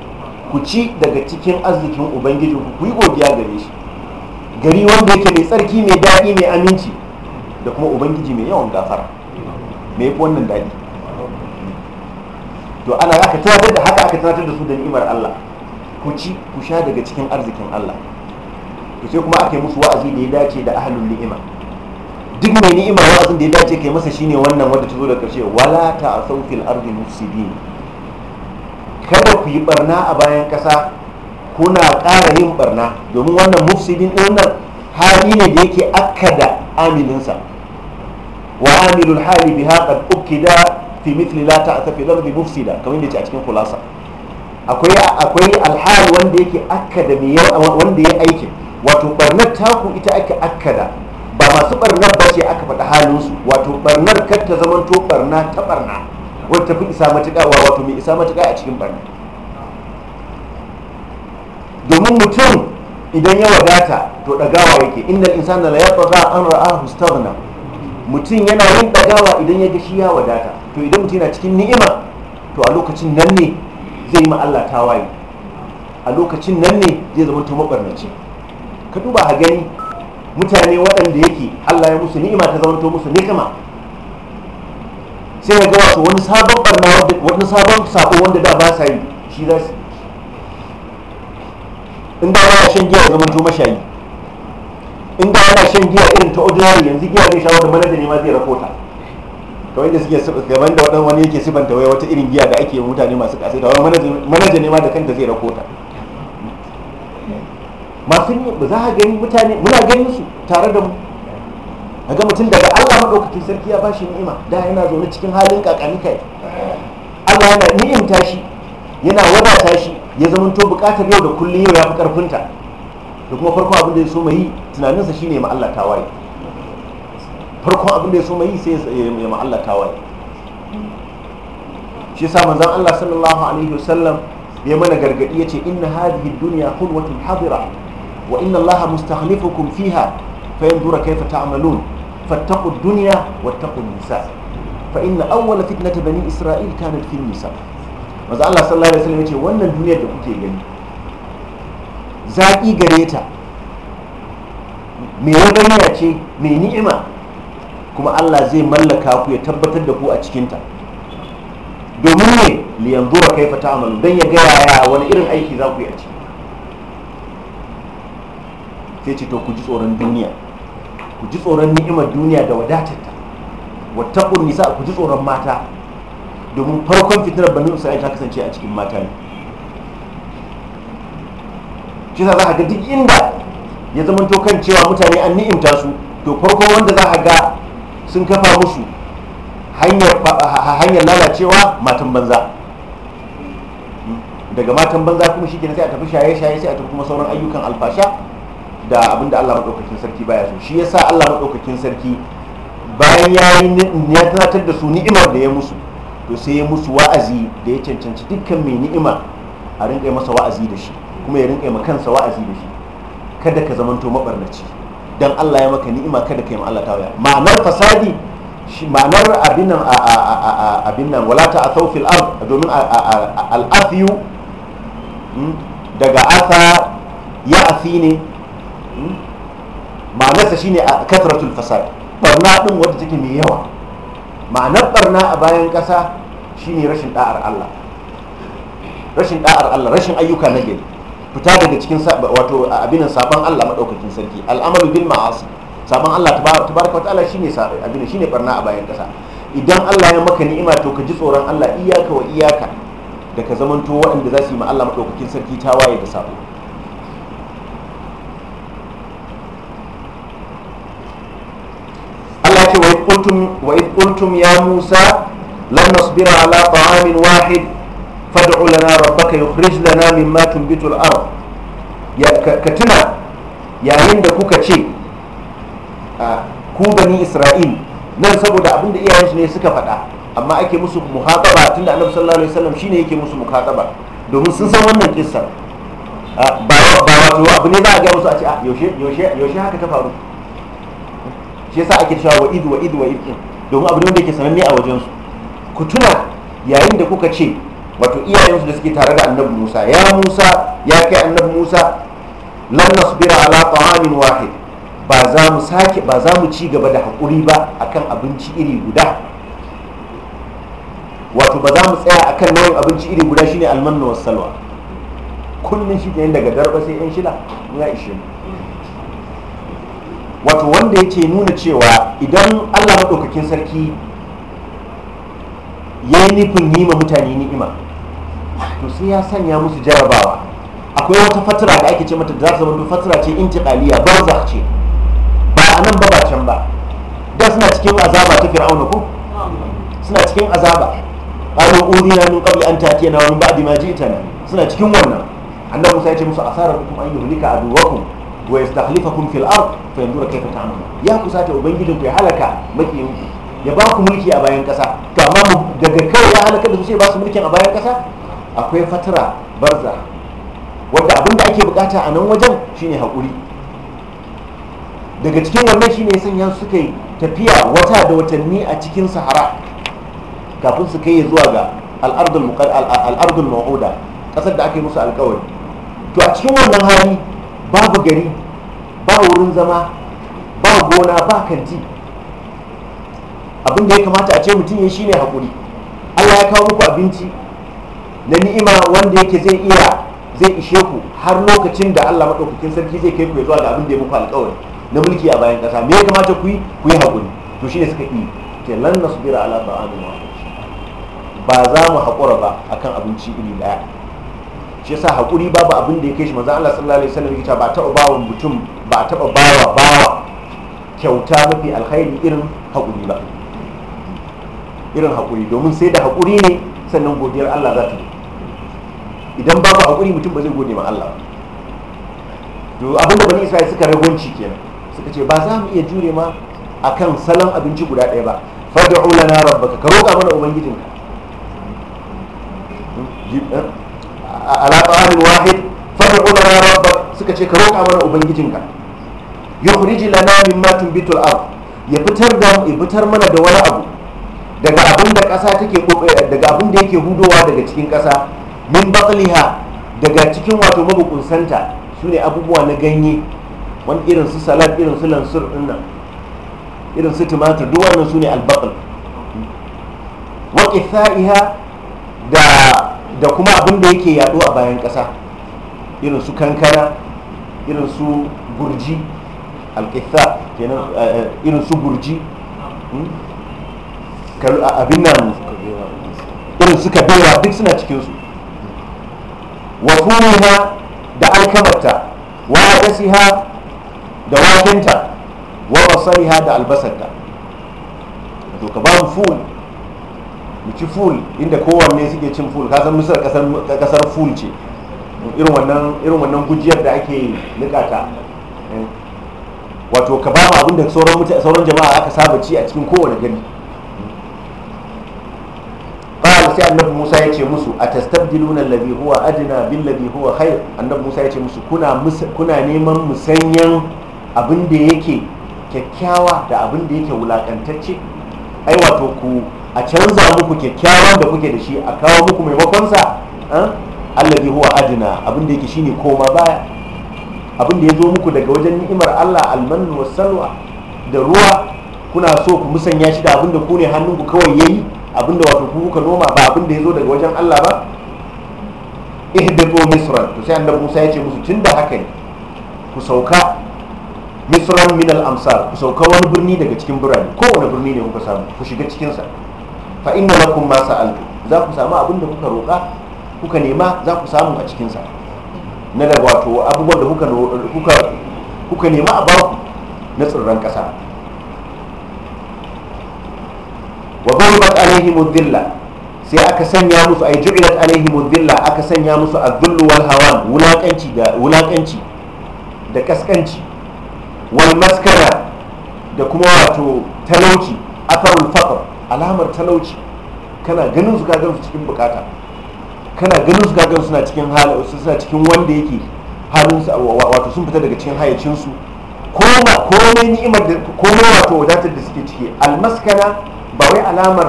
ku ci daga cikin arzikin ubangiji ku yi godiya gare shi gari wanda yake mai tsarki mai daɗi mai aminci da kuma ubangiji mai yawan gafara me yafi wannan daɗi to ana aka tunatar da haka aka tunatar da su da ni'imar Allah ku ci ku sha daga cikin arzikin Allah to sai kuma aka yi musu wa'azi da ya dace da ahlul ni'ima duk mai ni'ima wa'azin da ya dace kai masa shine wannan wanda ta zo da karshe wala a fil ardi mufsidin kada ku yi barna a bayan kasa kuna ƙara yin barna domin wannan mufsidin wannan hali ne da yake akkada amininsa wa amilul hali biha qad ukida fi mithli la ta'thaw fil ardi mufsida kamar yadda a cikin kulasa akwai akwai alhali wanda yake akkada wanda ya aiki wato barnar taku ita ake akkada ba masu barnar ba ce aka faɗi halinsu wato barnar kar ta zamanto barna ta barna wadda tafi isa matuƙa wa wato mai isa matuƙa a cikin barna domin mutum idan ya wadata to ɗagawa yake innal insana la a an ra'a mutum yana yin ɗagawa idan ya gashi ya wadata to idan mutum yana cikin ni'ima to a lokacin nan ne zai yi ma Allah tawaye a lokacin nan ne zai zama to mabarnaci ka duba hagari. gani mutane waɗanda yake Allah ya musu ni'ima ta zamanto musu kama sai ya ga wasu wani sabon barna wani sabon sako wanda da ba sa yi shi za su in da ba shan giya zama to mashayi in da yana shan giya irin ta ordinary yanzu giya zai shawar da manajan ne ma zai rahota kawai da suke gaban da wani yake sibanta wai wata irin giya da ake mutane masu kasai da wani manajan ne ma da kanta zai rahota masu yi ba za a gani mutane muna ganin su tare da mu a ga mutum daga allah maɗaukaki sarki ya bashi ni'ima da yana zaune cikin halin kakani kai allah yana ni'imta shi yana wadata shi ya zamanto buƙatar yau da kullum yau ya fi ƙarfinta da kuma farkon abin da ya so mai yi tunaninsa shine ma allah tawaye farkon abin da ya so mai yi sai ya ma allah tawaye shi yasa manzon allah sallallahu alaihi wasallam ya mana gargaɗi ya ce inna hadhihi dunya hulwatun hadira wa inna allaha mustakhlifukum fiha fayanzura kayfa ta'malun fattaqu ad-dunya wattaqu an-nisa fa inna awwala fitnata bani isra'il kanat fi an-nisa manzo Allah sallallahu alaihi wasallam yace wannan duniyar da kuke gani zaki gare ta me yabanya ce me ni'ima kuma Allah zai mallaka ku ya tabbatar da ku a cikinta domin ne liyan zuwa kai fata amalu dan ya gaya wani irin aiki za ku yi a ciki sai ce to ku ji tsoron duniya ku ji tsoron ni'imar duniya da wadatarta wattaqun nisa ku ji tsoron mata domin farkon fitinar banu isra'ila ta kasance a cikin mata ne shi za a ga duk inda ya zama to kan cewa mutane an ni'imta su to farko wanda za a ga sun kafa musu hanyar lalacewa matan banza hmm. daga matan banza kuma shi sai a tafi shaye-shaye sai a tafi kuma sauran ayyukan alfasha da abin da Allah maɗaukakin sarki baya so shi yasa Allah maɗaukakin sarki bayan ya yi ya da su ni'imar da ya musu to sai ya musu wa'azi da ya cancanci dukkan mai ni'ima a rinƙa masa wa'azi da shi kuma ya rinƙa ma kansa wa'azi da shi kada ka zamanto mabarnaci dan Allah ya maka ni'ima kada ka yi Allah ta waya ma'anar fasadi shi ma'anar abin nan abin nan wala ta fil ard domin al hmm, daga asa ya afi ne ma'anarsa shine a kathratul fasad barna din wadda take mai yawa ma'anar barna a bayan ƙasa shine rashin da'ar Allah rashin da'ar Allah rashin ayyuka na gari fita daga cikin wato abinan saban Allah madaukakin sarki al'amalu bil ma'asi saban Allah tabaraka wa ta'ala shine abinin shine barna a bayan ƙasa idan Allah ya maka ni'ima to ka ji tsoron Allah iyaka wa iyaka da ka zamanto waɗanda za su yi ma Allah madaukakin sarki tawaye da sabo قلتم وإذ قلتم يا موسى لن نصبر على طعام واحد فادع لنا ربك يخرج لنا مما تنبت الأرض يا كتنا يا هند كوكا ku bani isra'il nan saboda abinda iyayensu ne suka faɗa amma ake musu muhataba tunda annabi sallallahu alaihi wasallam shine yake musu muhataba domin sun san wannan kissa ba wato abu ne za a ga musu a ce yaushe yaushe yaushe haka ta faru shi yasa ake cewa wa idu wa idu wa idu domin abu ne wanda yake sananne a wajen su ku tuna yayin da kuka ce wato iyayensu da suke tare da annabi musa ya musa ya kai annabi musa lan nasbira ala ta'amin wahid ba za mu sake ba za mu ci gaba da hakuri ba akan abinci iri guda wato ba za mu tsaya akan nauyin abinci iri guda shine almanna wasalwa kullun shi daga darba sai yan shida ya ishe mu wato wanda yake nuna cewa idan allah maɗaukakin sarki ya yi nufin yi ma mutane ni'ima to sai ya sanya musu jarabawa akwai wata fatira da ake ce mata da za su zama fatira ce intiqaliya barza ce ba a nan ba ba can ba da suna cikin azaba ta fir'auna ko suna cikin azaba qalu udina min qabli an ta'tiyana wa min ba'di ma ji'tana suna cikin wannan annabi sai ya ce musu asarar kuma ayyuhlika ku. wa yastakhlifakum fil ard fa yanzura kayfa ta'malun ya kusata ubangijin ku ya halaka makiyin ku ya ba mulki a bayan kasa to amma daga kai ya halaka da su sai ba su mulkin a bayan kasa akwai fatara barza wanda abin da ake bukata a nan wajen shine hakuri daga cikin wannan shine sanya suka yi tafiya wata da watanni a cikin sahara kafin su kai zuwa ga al'ardul ma'uda kasar da ake musu alkawari to a cikin wannan hali babu gari ba wurin zama ba gona ba kanti Abinda ya kamata a ce mutum ya shi ne haƙuri allah ya kawo muku abinci na ni'ima wanda yake zai iya zai ishe ku har lokacin da allah maɗaukakin sarki zai kai ku ya zuwa ga abin da ya muku alƙawari na mulki a bayan ƙasa me ya kamata ku yi ku yi haƙuri to shi ne suka yi ke lan nasbira ala ta'amin wahid ba za mu haƙura ba akan abinci iri ɗaya shi yasa haƙuri babu abin da ya kai shi manzo Allah sallallahu alaihi wasallam yake ba taɓa bawa mutum ba taɓa bawa bawa kyauta mafi alkhairi irin haƙuri ba irin haƙuri domin sai da haƙuri ne sannan godiyar Allah za ta yi idan babu haƙuri mutum ba zai gode ma Allah to abin da bani Isra'il suka ragonci kenan suka ce ba za mu iya jure ma akan salon abinci guda ɗaya ba fad'u lana rabbaka ka roƙa mana ubangijinka hmm? eh? ala ta'amin wahid fad'u lana rabbak suka ce ka roƙa mana ubangijinka yukhrij lana mimma bitul ar ya fitar da ya fitar mana da wani abu daga abin da ƙasa take eh, daga abin da yake hudowa daga cikin ƙasa min baqliha daga cikin wato mabukunsanta ne abubuwa na ganye wani irin su salat irin su lansur din nan irin su tumatir duk wannan sune albaql wa da da kuma abin da yake yado a bayan ƙasa irin su kankana irin su gurji alƙitha eh, irin su gurji hmm? abin na irin su kabewa duk suna cikinsu wa furuha da alkamarta wa ha da wakinta wa basariha da albasarta to ka ba mu fuhun mu ci ful inda kowanne suke cin ful ka san misar kasar ful ce irin wannan gujiyar da ake nikata eh. wato ka ba abin da sauran jama'a aka saba ci a cikin kowane gari qala sai annabi Musa ya ce musu atastabdiluna alladhi huwa adna bil ladhi huwa khair annabi Musa ya ce musu kuna kuna neman musanyan abin da yake kyakkyawa da abin da yake wulakantacce ai wato ku a canza muku kyakkyawan da kuke da shi a kawo muku maimakonsa allazi huwa adina abin da yake shine koma baya abin da ya zo muku daga wajen ni'imar Allah almanu wasalwa da ruwa kuna so ku musanya shi da abin da ku ne hannunku kawai yayi abin da wato ku kuka noma ba abin da ya zo daga wajen Allah ba ihdatu misran to sai annabi Musa ya ce musu tun da haka ne ku sauka misran min al-amsar ku sauka wani birni daga cikin birane kowane birni ne kuka samu ku shiga cikin sa fa inna lakum ma sa'altu za ku samu abin da kuka roƙa kuka nema za ku samu a cikinsa na da wato abubuwan da kuka nema a baku na tsirran ƙasa wa duribat alaihim mudilla sai aka sanya musu a yi jirgin alaihim mudilla aka sanya musu a dhullu wal hawan wulaƙanci da wulaƙanci da kaskanci wal maskara da kuma wato talauci a afarul faqr alamar talauci kana ganin su gagan cikin bukata kana ganin su gagan suna cikin hali suna cikin wanda yake halin su wato sun fita daga cikin hayacinsu koma komai ni'imar da komai wato wadatar da suke ciki almaskana ba wai alamar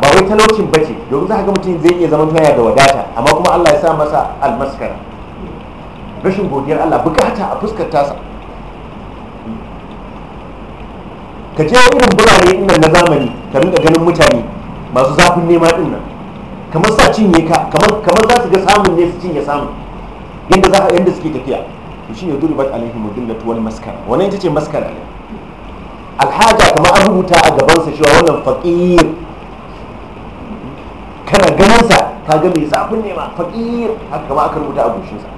ba wai talaucin bace domin za ka ga mutum zai iya zama tunaya da wadata amma kuma Allah ya sa masa almaskana rashin godiyar Allah bukata a fuskar tasa ka je irin birane ina na zamani ka rinka ganin mutane masu zafin nema din nan kamar sa cinye ka kamar kamar za su ga samun ne su cinye samun yadda za yadda suke tafiya to shine duribat alaihim dillatu wal maskara wannan ita ce maskara ne alhaja kamar an rubuta a gabansa cewa wannan faqir kana ganin sa ka ga mai zafin nema faqir haka kamar aka rubuta a goshin sa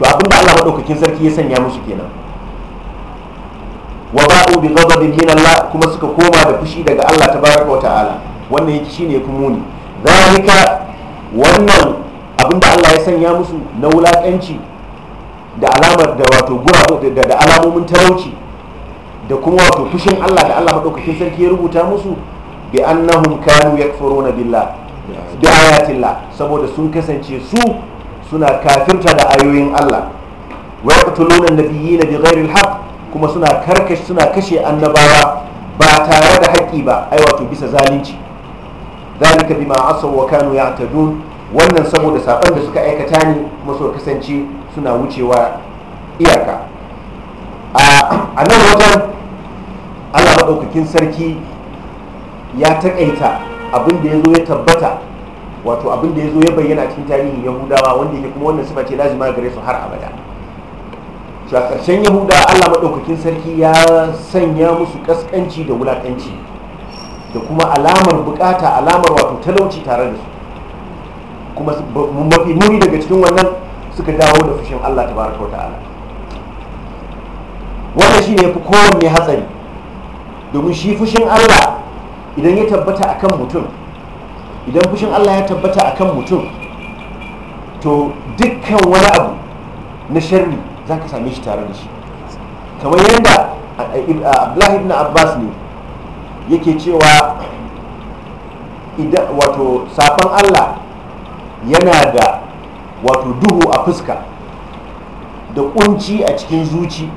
to abinda Allah madaukakin sarki ya sanya musu kenan wa ba'u bi ghadabin min Allah kuma suka koma da fushi daga Allah tabaraka wa ta'ala wannan yake shine yafi muni zalika wannan abinda Allah ya sanya musu na wulakanci da alamar da wato gura da alamomin talauci da kuma wato fushin Allah da Allah madaukakin sarki ya rubuta musu bi annahum kanu yakfuruna billah bi ayatillah saboda sun kasance su suna kafirta da ayoyin Allah wa yaqtuluna nabiyina bi ghairi al kuma suna karkashi suna kashe annabawa ba tare da haƙƙi ba ai wato bisa zalunci zalika bima asaw wa kanu ya'tadun wannan saboda saban da suka aikata ne kuma suka kasance suna wucewa iyaka a nan wajen Allah maɗaukakin sarki ya taƙaita abin da ya ya tabbata wato abin da ya zo ya bayyana cikin tarihin yahudawa wanda yake kuma wannan sifa ce lazima gare su har abada a karshen yahuda allah maɗaukakin sarki ya sanya musu ƙasƙanci da wulaƙanci da kuma alamar bukata alamar wato talauci tare da su kuma mafi muni daga cikin wannan suka dawo da fushin allah baraka wa ta'ala wannan shi ne ya fi kowanne hatsari domin shi fushin allah idan ya tabbata akan mutum idan fushin allah ya tabbata akan mutum to dukkan wani abu na sharri za ka same shi tare da shi kamar yadda abdullahi ibn abbas ne yake cewa wato safan allah yana da wato duhu a fuska da kunci a cikin zuci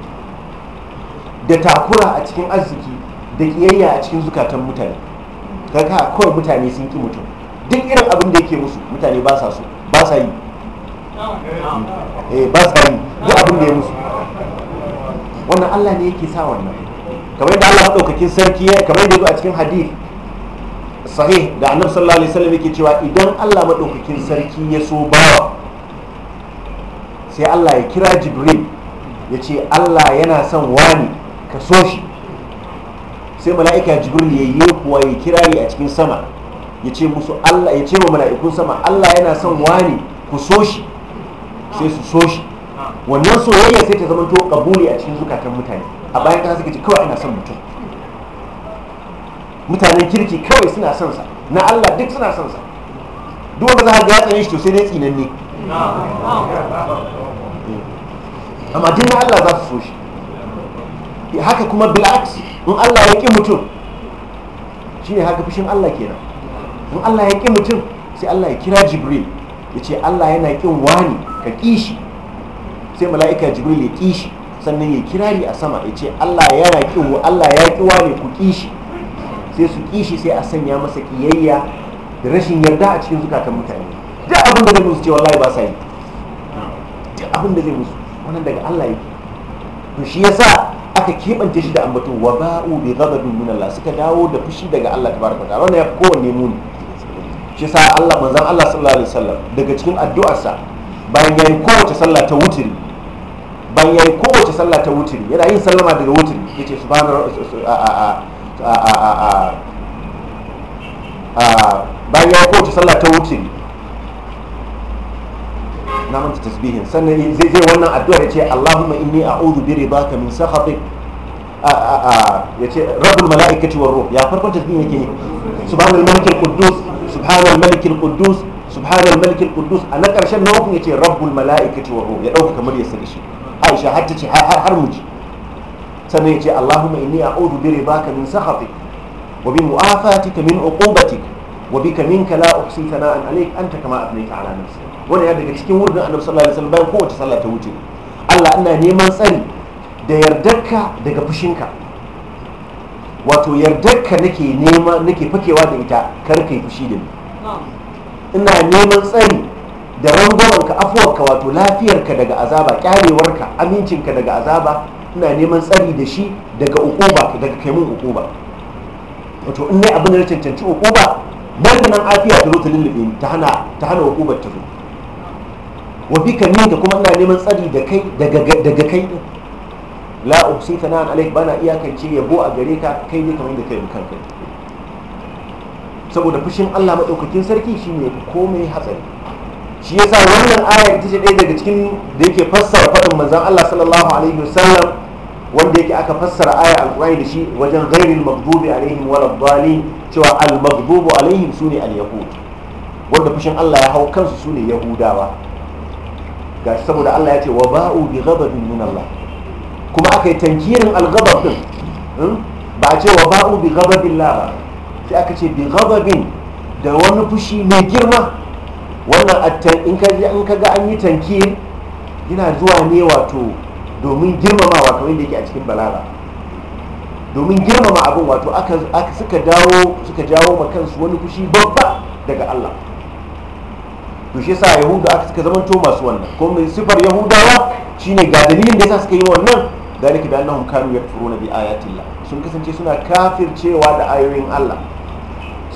da takura a cikin arziki da kiyayya a cikin zukatan mutane kaka kawai mutane sun ki mutum duk irin abin da yake musu mutane ba ba sa yi eh ba tsaron duk abin da ya musu wannan Allah ne yake sa wannan kamar yadda Allah maɗaukakin sarki ya kamar yadda a cikin hadith sahih da annabi sallallahu alaihi wasallam yake cewa idan Allah maɗaukakin sarki ya so bawa sai Allah ya kira Jibril ya ce Allah yana son wani ka so shi sai mala'ika Jibril ya yi kuwa ya kirari a cikin sama ya ce musu Allah ya ce wa mala'ikun sama Allah yana son wani ku so shi sai su so shi wannan soyayya sai ta zama to kabuli a cikin zukatan mutane a bayan ka suka ce kawai ina son mutum mutanen kirki kawai suna son sa na Allah duk suna son sa duk wanda za ka ga ya tsane shi to sai dai tsinanne amma duk na Allah za su so shi haka kuma bil'aks in Allah ya ƙi mutum shi ne haka fushin Allah kenan in Allah ya ƙi mutum sai Allah ya kira Jibril ya ce Allah yana ƙin wani ka kishi sai mala'ika jibril ya kishi sannan ya kirari a sama ya ce allah ya yaƙi wa allah ya ƙi ne ku kishi sai su kishi sai a sanya masa kiyayya da rashin yarda a cikin zukatan mutane duk abin da zai musu ce wallahi ba sa yi duk abin da zai musu wannan daga allah yake to shi yasa aka kebanta shi da ambaton wa ba'u bi ghadabin min Allah suka dawo da fushi daga Allah tabaraka ta'ala wannan ya fi kowanne muni shi sa Allah manzon Allah sallallahu alaihi wasallam daga cikin addu'arsa bayan ya yi kowace sallah ta wutiri bayan ya yi kowace sallah ta wutiri yana yin sallama daga wutiri ya ce bayan ya yi kowace sallah ta wutiri na manta tasbihin sannan zai zai wannan addu'a ya Allahumma inni a'udhu bi ridaka min sakhatik rabbul mala'ikati war ruh ya farkon tasbihin yake subhanal subhanal malik al-quddus a na karshen na hukun yace rabbul mala'ikati wa ruh ya dauka kamar ya saka shi aisha har ta har muji sannan yace allahumma inni a'udhu bi ridaka min sakhatik wa bi mu'afatika min uqubatik wa bika minka la uhsi thana'an alayk anta kama athnayta ala nafsi wannan ya daga cikin wurin annabi sallallahu alaihi wasallam bayan kowace sallah ta wuce Allah ina neman tsari da yardarka daga fushinka wato yardarka nake nema nake fakewa da ita kar kai fushi da ni ina neman tsari da rangwamanka afuwarka wato lafiyarka daga azaba kyarewarka amincinka daga azaba ina neman tsari da shi daga ukuba daga kaimun ukuba wato in ne abin da na cancanci ukuba maganin afiya ta zo ta lullube ni ta hana ta hana ukubar ta zo wa ka ni da kuma ina neman tsari da kai daga daga kai la uhsi thanan alaik bana iyakance yabo a gare ka kai ne kamar da kai kanka saboda fushin Allah maɗaukakin sarki shi ne komai hatsari shi yasa wannan ayar ita ce ɗaya daga cikin da yake fassara faɗin manzon Allah sallallahu alaihi wasallam wanda yake aka fassara aya alƙur'ani da shi wajen ghairil maghdubi alaihim waladdallin cewa al maghdubu alaihim sune al yahud wanda fushin Allah ya hau kansu sune yahudawa gashi saboda Allah ya ce wa ba'u bi ghadabin min Allah kuma aka yi tankirin al ghadab din hmm? ba a ce wa ba'u bi ghadabillah ba sai aka ce bi ghadabin da wani fushi mai girma wannan atta in ka ga an yi tanki yana zuwa ne wato domin girmamawa wato yadda yake a cikin balaga domin girmama abin wato aka suka dawo suka jawo ma kansu wani fushi babba daga Allah to shi yasa yahuda aka suka to masu wannan ko mai sifar yahudawa shine ga dalilin da yasa suka yi wannan ذلك بأنهم كانوا يكفرون بآيات الله سنكسن شيء سنة كافر شيء da آيوين الله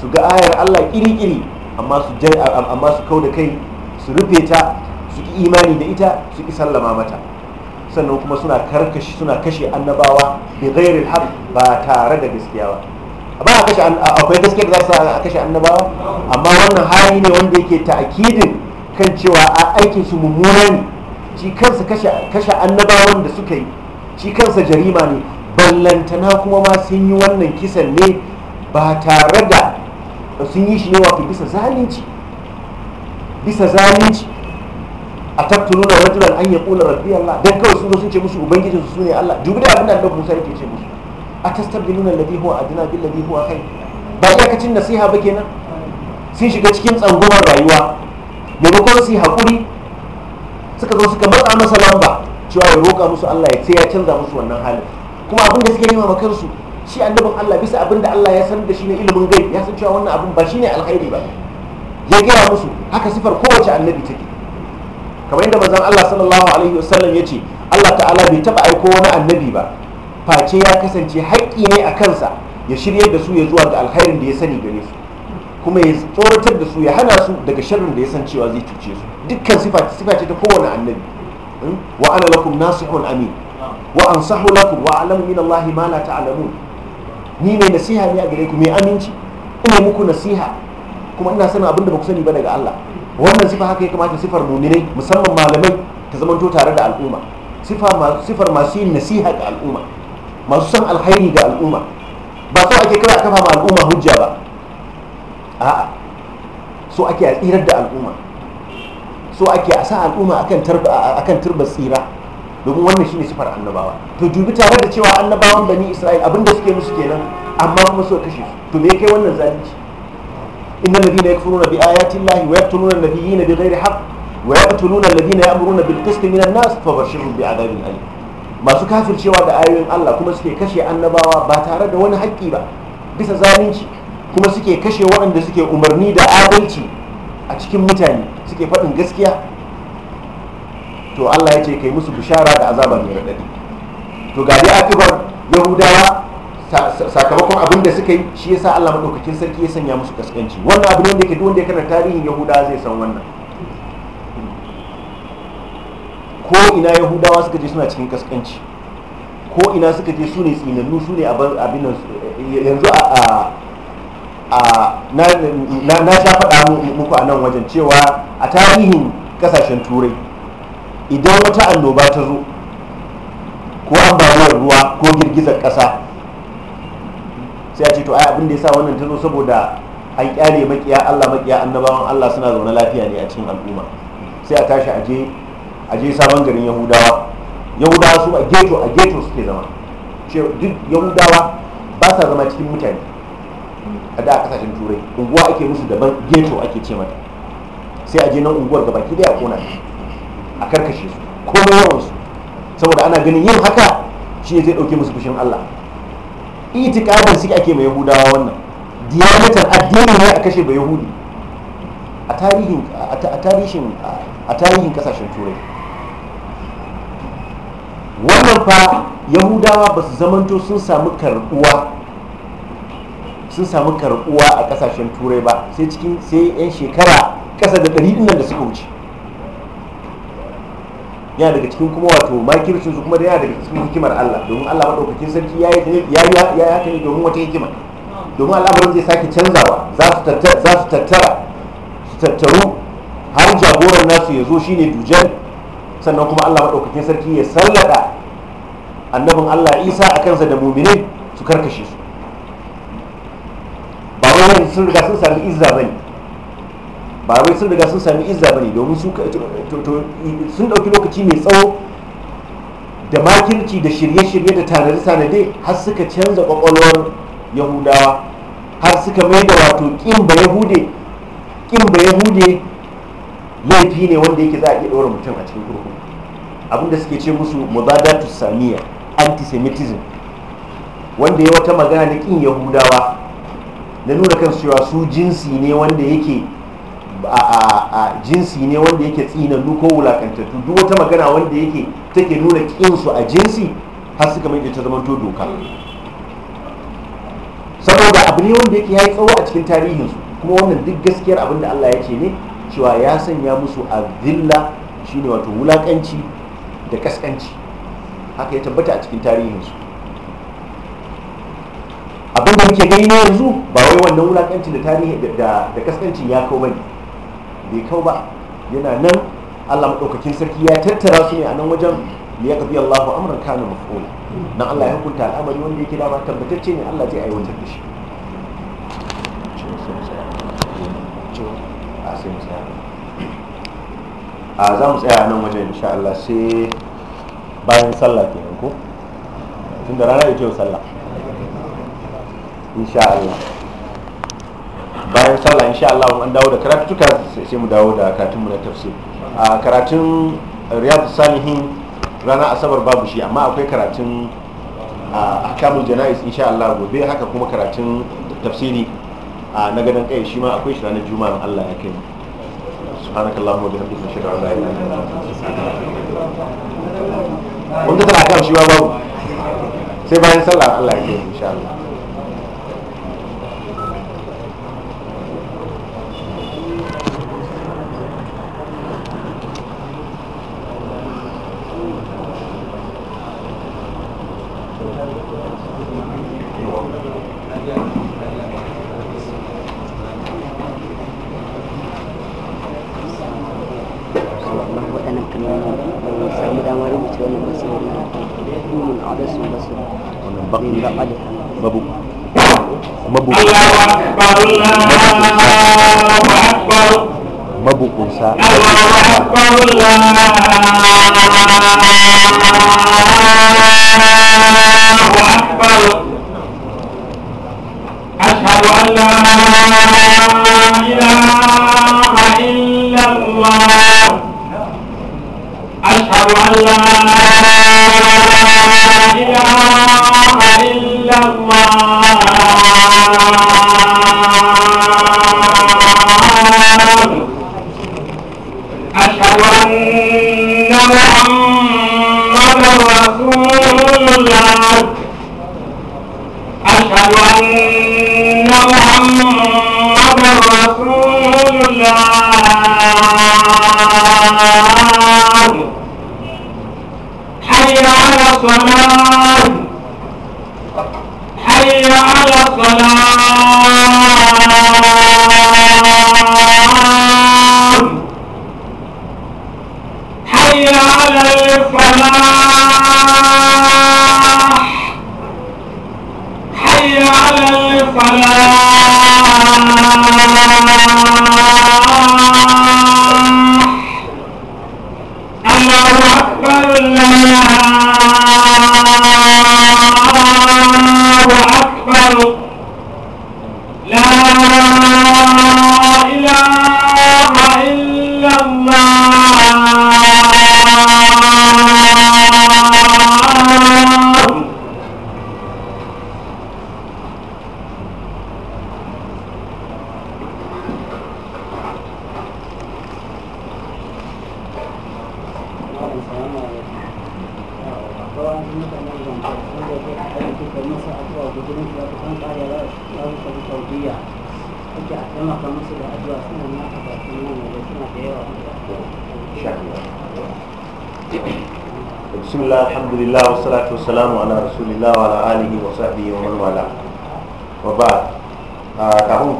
su ga ayar Allah kiri-kiri amma su amma kau da kai su rufe ta su ki imani da ita su ki sallama mata sannan kuma suna karkashi suna kashe annabawa bi ba tare da gaskiya ba ba a kashe akwai gaskiya da za a kashe annabawa amma wannan hali ne wanda yake ta'kidin kan cewa a aikin su mummuna ne ci kansa kashe annabawan da suka yi ci kansa jarima ne ballantana kuma ma sun yi wannan kisan ne ba tare da sun yi shi ne fi bisa zalunci bisa zalunci a tattunu da rajulan an ya kula rabbi Allah Don kawai su sun ce musu ubangiji su ne Allah dubi da abin da Annabi Musa yake ce musu atastabdiluna alladhi huwa adna bil ladhi huwa kai. ba iyakacin nasiha ba kenan sun shiga cikin tsangwamar rayuwa maimakon su yi hakuri suka zo suka matsa masa lamba cewa ya roƙa musu Allah ya ce ya canza musu wannan halin kuma abin da suke nema ma kansu shi annabin Allah bisa abin da Allah ya san da shi ne ilimin gai ya san cewa wannan abin ba shi ne alkhairi ba ya gaya musu haka sifar kowace annabi take kamar yadda manzon Allah sallallahu alaihi wasallam ya ce Allah ta'ala bai taba aiko wani annabi ba face ya kasance haƙƙi ne a kansa ya shirye da su ya zuwa ga alkhairin da ya sani gare su kuma ya tsoratar da su ya hana su daga sharrin da ya san cewa zai cuce su dukkan sifa ce ta kowane annabi hmm? wa ana lakum nasihun amin wa ansahu lakum wa alamu min Allah ma la ta'lamun ni mai nasiha ne a gare ku mai aminci ina muku nasiha kuma ina sanin abin da ba ku sani ba daga Allah wannan sifa haka ya kamata sifar muminai musamman malamai ta zamanto tare da al'umma sifar masu yin nasiha ga al'umma masu san alkhairi ga al'umma ba so ake kira a kafa ma al'umma hujja ba a'a so ake a tsirar da al'umma so ake a sa al'umma akan turba tsira domin wannan shine sifar annabawa to dubi tare da cewa annabawan bani isra'il abinda suke musu kenan amma kuma so kashe su to me kai wannan zalunci inna alladhina yakfuruna bi ayati llahi wa yaqtuluna an bi ghairi haqq wa yaqtuluna alladhina ya'muruna bil qisti minan nas bi adabin alim masu kafircewa da ayoyin Allah kuma suke kashe annabawa ba tare da wani haƙƙi ba bisa zalunci kuma suke kashe waɗanda suke umarni da adalci a cikin mutane suke faɗin gaskiya to Allah ya ce kai musu bishara da azabar mai raɗaɗi to ga dai akibar yahudawa sakamakon abin da suka yi shi yasa Allah madaukakin sarki ya sanya musu kaskanci wannan abin wanda yake duk wanda ya kana tarihin yahudawa zai san wannan ko ina yahudawa suka je suna cikin kaskanci ko ina suka je su ne tsinannu su ne abin yanzu a na sha faɗa muku a nan wajen cewa a tarihin kasashen turai idan wata annoba ta zo ko ambaliyar ruwa ko girgizar ƙasa sai a ce to ai abin da ya sa wannan ta zo saboda an kyale makiya Allah makiya annabawan Allah suna zaune lafiya ne a cikin al'umma sai a tashi aje aje sabon garin Yahudawa Yahudawa su a geto a geto suke zama duk Yahudawa ba sa zama cikin mutane a da kasashen turai unguwa ake musu daban geto ake ce mata sai a je nan unguwar gaba ki da ya kona a karkashe su komai yawansu saboda ana ganin yin haka shi zai dauke musu fushin Allah itikaban suke ake mai yahudawa wannan diyanatar addini ne a kashe bai yahudi a tarihin kasashen turai wannan fa yahudawa ba su zamanto sun samu karbuwa sun samu karbuwa a kasashen turai ba sai cikin sai 'yan shekara kasa da ɗari nan da suka wuce yana daga cikin kuma wato makircin su kuma da yana daga cikin hikimar Allah domin Allah madaukakin sarki ya yi ya haka ne domin wata hikima domin al'amarin zai sake canzawa za su tattara su tattaru har jagoran nasu ya zo shine dujan sannan kuma Allah madaukakin sarki ya sallada annabin Allah Isa a kansa da muminin su karkashe su ba wai sun riga sun sami izza bane ba wai sun daga sun sami izza bane domin su sun dauki lokaci mai tsawo da makirci da shirye-shirye da tanade har suka canza kwakwalwar yahudawa har suka mai da wato kimba yahude kimba yahude laifi ne wanda yake za a iya ɗora mutum a cikin kurkuku abinda suke ce musu mubadatu samiya antisemitism wanda ya wata magana na kin yahudawa na nuna kan cewa su jinsi ne wanda yake a jinsi ne wanda yake tsinannu ko wulakantattu duk wata magana wanda yake take nuna kinsu a jinsi har suka mai ta zama to doka saboda abu ne wanda yake yayi tsawo a cikin tarihinsu kuma wannan duk gaskiyar abin da Allah ya ce ne cewa ya sanya musu azilla shine wato wulakanci da kaskanci haka ya tabbata a cikin tarihinsu abin da muke gani na yanzu ba wai wannan wulakanci da tarihi da kaskancin ya kawo bane bai kau ba yana nan Allah maɗaukakin sarki ya tattara su ne a nan wajen da ya kafi Allahu amran kanu maf'ula dan Allah ya hukunta al'amari wanda yake da ba tabbatacce ne Allah zai aiwatar da shi a za mu tsaya nan wajen insha Allah sai bayan sallah ke ko tun da rana da kyau sallah insha Allah bayan sallah insha Allah an dawo da karatuka sai mu dawo da karatun mu na tafsir a karatun riyadu salihin ranar asabar babu shi amma akwai karatun ahkamul janais insha Allah gobe haka kuma karatun tafsiri na gadon kai shi ma akwai shi ranar juma'a Allah ya kai la ilaha illa anta astaghfiruka wa atubu اله wanda انت وانت shi كم babu sai bayan sallah Allah ya kai insha Allah enggak aja mabuk mabuk mabuk mabuk mabuk ake a taimaka musu da addu'a suna nan a bakin nan da suna da yawa بسم الله الحمد لله والصلاة والسلام على رسول الله وعلى آله وصحبه ومن والاه وبعد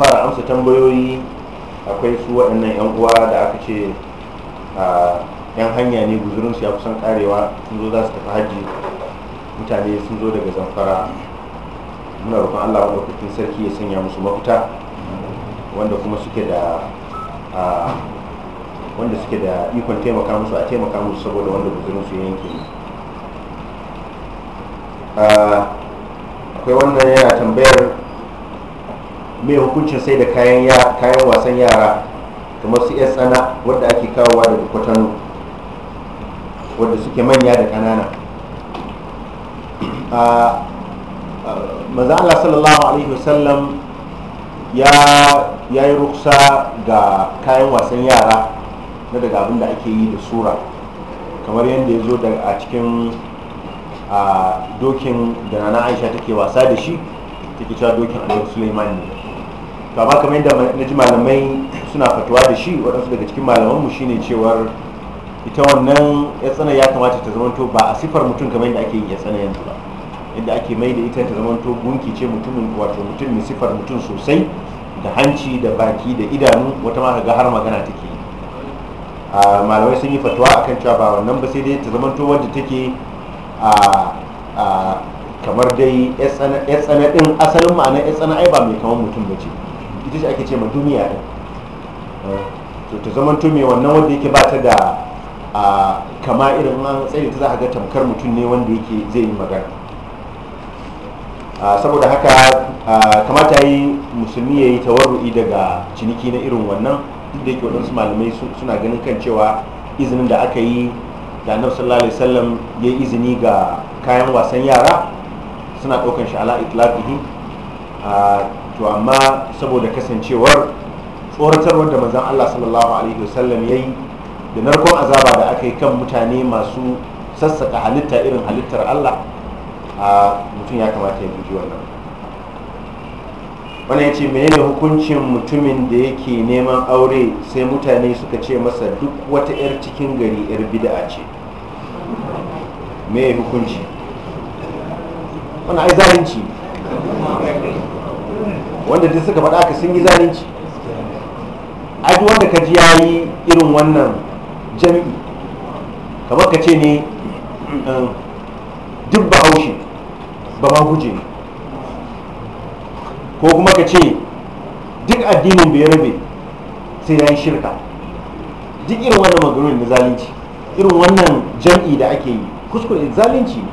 fara amsa tambayoyi akwai su waɗannan 'yan uwa da aka ce ah, yan hanya ne guzurinsu kusan karewa sun tafi hajji mutane sun daga zamfara muna sarki ya sanya musu wanda kuma suke da wanda suke da ikon taimaka musu a taimaka musu saboda wanda guzurin su yanke akwai wannan yana tambayar mai hukuncin sai da kayan wasan yara kamar su 'yan tsana wadda ake kawowa daga kwatano wadda suke manya da kanana maza Allah sallallahu alaihi wasallam ya yi ruksa ga kayan wasan yara na daga abin da ake yi da sura kamar yadda ya zo a cikin a dokin da na aisha take wasa da shi take cewa dokin annabi suleiman ne to amma kamar yadda na ji malamai suna fatuwa da shi waɗansu daga cikin malamanmu shine cewar ita wannan ya tsana ya kamata ta zamanto ba a siffar mutum kamar yadda ake yin ya tsana yanzu ba yadda ake mai da ita ta zama to gunki ce mutumin wato mutum mai siffar mutum sosai da hanci da baki da idanu wata ma ga har magana take a malamai sun yi fatuwa akan cewa ba wannan ba sai dai ta to wadda take a kamar dai ya tsana din asalin ma'ana ya tsana ai ba mai kamar mutum ba ce ita ce ake ce ma duniya din to ta to mai wannan wanda yake ba ta da kama irin an tsaye ta za a ga tamkar mutum ne wanda yake zai yi magana saboda haka kamata yi musulmi ya yi tawarru'i daga ciniki na irin wannan duk da yake waɗansu malamai suna ganin kan cewa izinin da aka yi da annabi sallallahu alaihi wasallam ya yi izini ga kayan wasan yara suna ɗaukan shi ala itlaqihi to amma saboda kasancewar tsoratarwar da manzon Allah sallallahu alaihi wasallam ya yi da narkon azaba da aka yi kan mutane masu sassaka halitta irin halittar Allah mutum ya kamata ya guji wannan wani ya ce menene hukuncin mutumin da yake neman aure sai mutane suka ce masa duk wata 'yar cikin gari 'yar bida'a ce me hukunci wani ai zalunci wanda duk suka faɗa ka sun yi zalunci ai wanda ka ji ya yi irin wannan jami'i kamar ka ce ne eh, duk ba haushi ba ma guje ne ko kuma ka ce duk addinin da ya rabe sai ya yi shirka duk irin wannan maganin na zalunci irin wannan jam'i da ake yi kuskure zalunci ne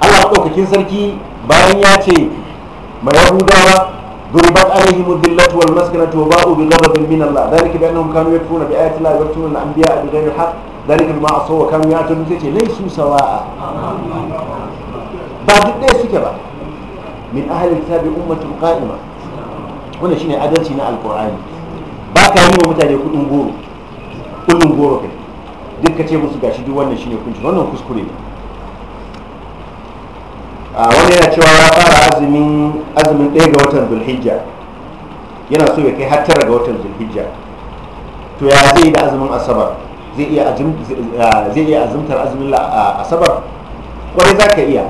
allah ɗaukakin sarki bayan ya ce ma yahudawa ضربت عليهم الذلة والمسكنة وباءوا بغضب من الله ذلك بأنهم كانوا يكفرون بآيات الله ويقتلون الأنبياء بغير الحق ذلك بما عصوا وكانوا يعتدون ليسوا سواء بعد ليس ba. min ahalin kitabi ummatun qa'ima wannan shine adalci na alqur'ani ba ka yi wa mutane kudin goro kullun goro kai duk ka ce musu gashi duk wannan shine kunci wannan kuskure ne a wani yana cewa ya fara azumin azumin ɗaya ga watan zulhijja yana so ya kai har tara ga watan zulhijja to ya zai yi da azumin asabar zai iya azumtar azumin asabar kwarai za ka iya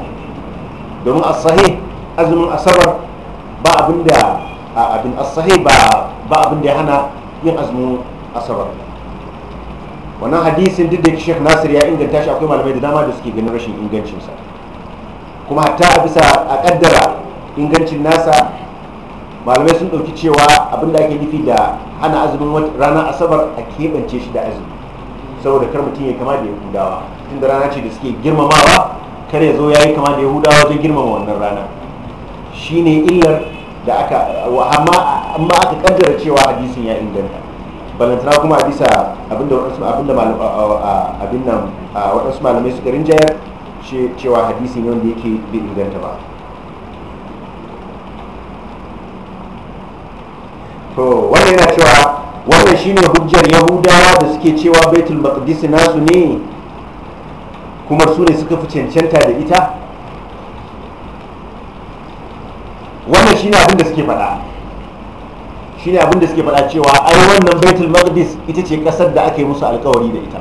domin asahi azumin asabar ba abin da abin asahi ba abin da ya hana yin azumin asabar wannan hadisin duk da shek nasir ya inganta shi akwai malamai da dama da suke ganin rashin ingancinsa kuma hatta a bisa a kaddara ingancin nasa malamai sun ɗauki cewa abin da ake nufi da hana azumin ranar asabar a keɓance shi da azumi saboda kar mutum ya kama da yahudawa da rana ce da suke girmamawa kar ya zo ya yi kama da yahudawa wajen girmama wannan rana shine illar da aka amma amma aka kaddara cewa hadisin ya inganta balantana kuma a bisa abinda waɗansu abinda abin nan waɗansu malamai garin rinjayar cewa hadisin wanda yake bai inganta ba to wannan yana cewa wannan shine hujjar yahudawa da suke cewa baitul maqdis nasu ne kuma su ne suka fi cancanta da ita wannan shi ne abinda suke fada shi abin da suke faɗa cewa ai wannan baitul maqdis ita ce kasar da aka yi musu alkawari da ita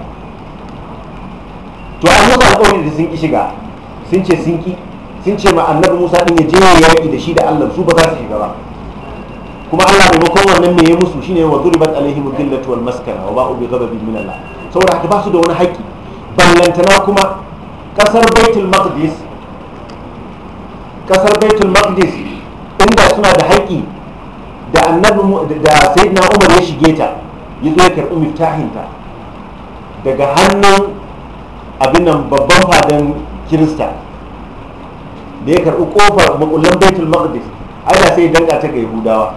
to an musu alkawari da sun ki shiga sun ce sun ki sun ce ma annabi Musa din ya je ya yaki da shi da Allah su ba za su shiga ba kuma Allah makon wannan me ya musu shine wa duribat alaihi mudillatu wal maskana wa ba'u bi ghadabin min Allah saboda haka ba su da wani haƙƙi ballantana kuma kasar baitul maqdis kasar baitul maqdis inda suna da haƙƙi da annabi da sayyidina umar ya shige ta ya zo ya karɓi ta daga hannun abin babban fadan kirista da ya karɓi ƙofar makullan baitul maqdis ai sai ya danka ta ga yahudawa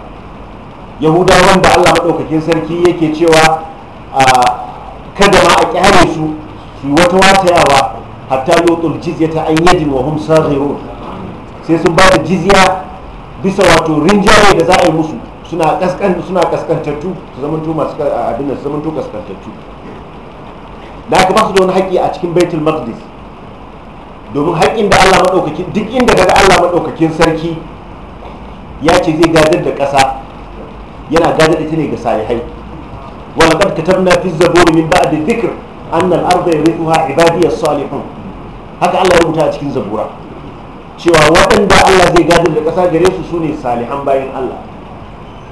yahudawa wanda allah maɗaukakin sarki yake cewa kada ma a kyare su su wata watayawa hatta yotul jizya ta an wa hum sai sun ba da jizya bisa wato rinjaye da za a yi musu suna kaskan kaskantattu su zamanto masu abin da su zamanto kaskantattu da aka ba su da wani haƙƙi a cikin baitul maqdis domin haƙƙin da Allah madaukakin duk inda daga Allah maɗaukakin sarki ya ce zai gadar da ƙasa yana gadar da ta ne ga salihai wa laqad katabna fi zabur min ba'di dhikr anna al-ardha ya ibadiy as-salihun haka Allah ya rubuta a cikin zabura cewa waɗanda Allah zai gadin da ƙasa gare su sune salihan bayan Allah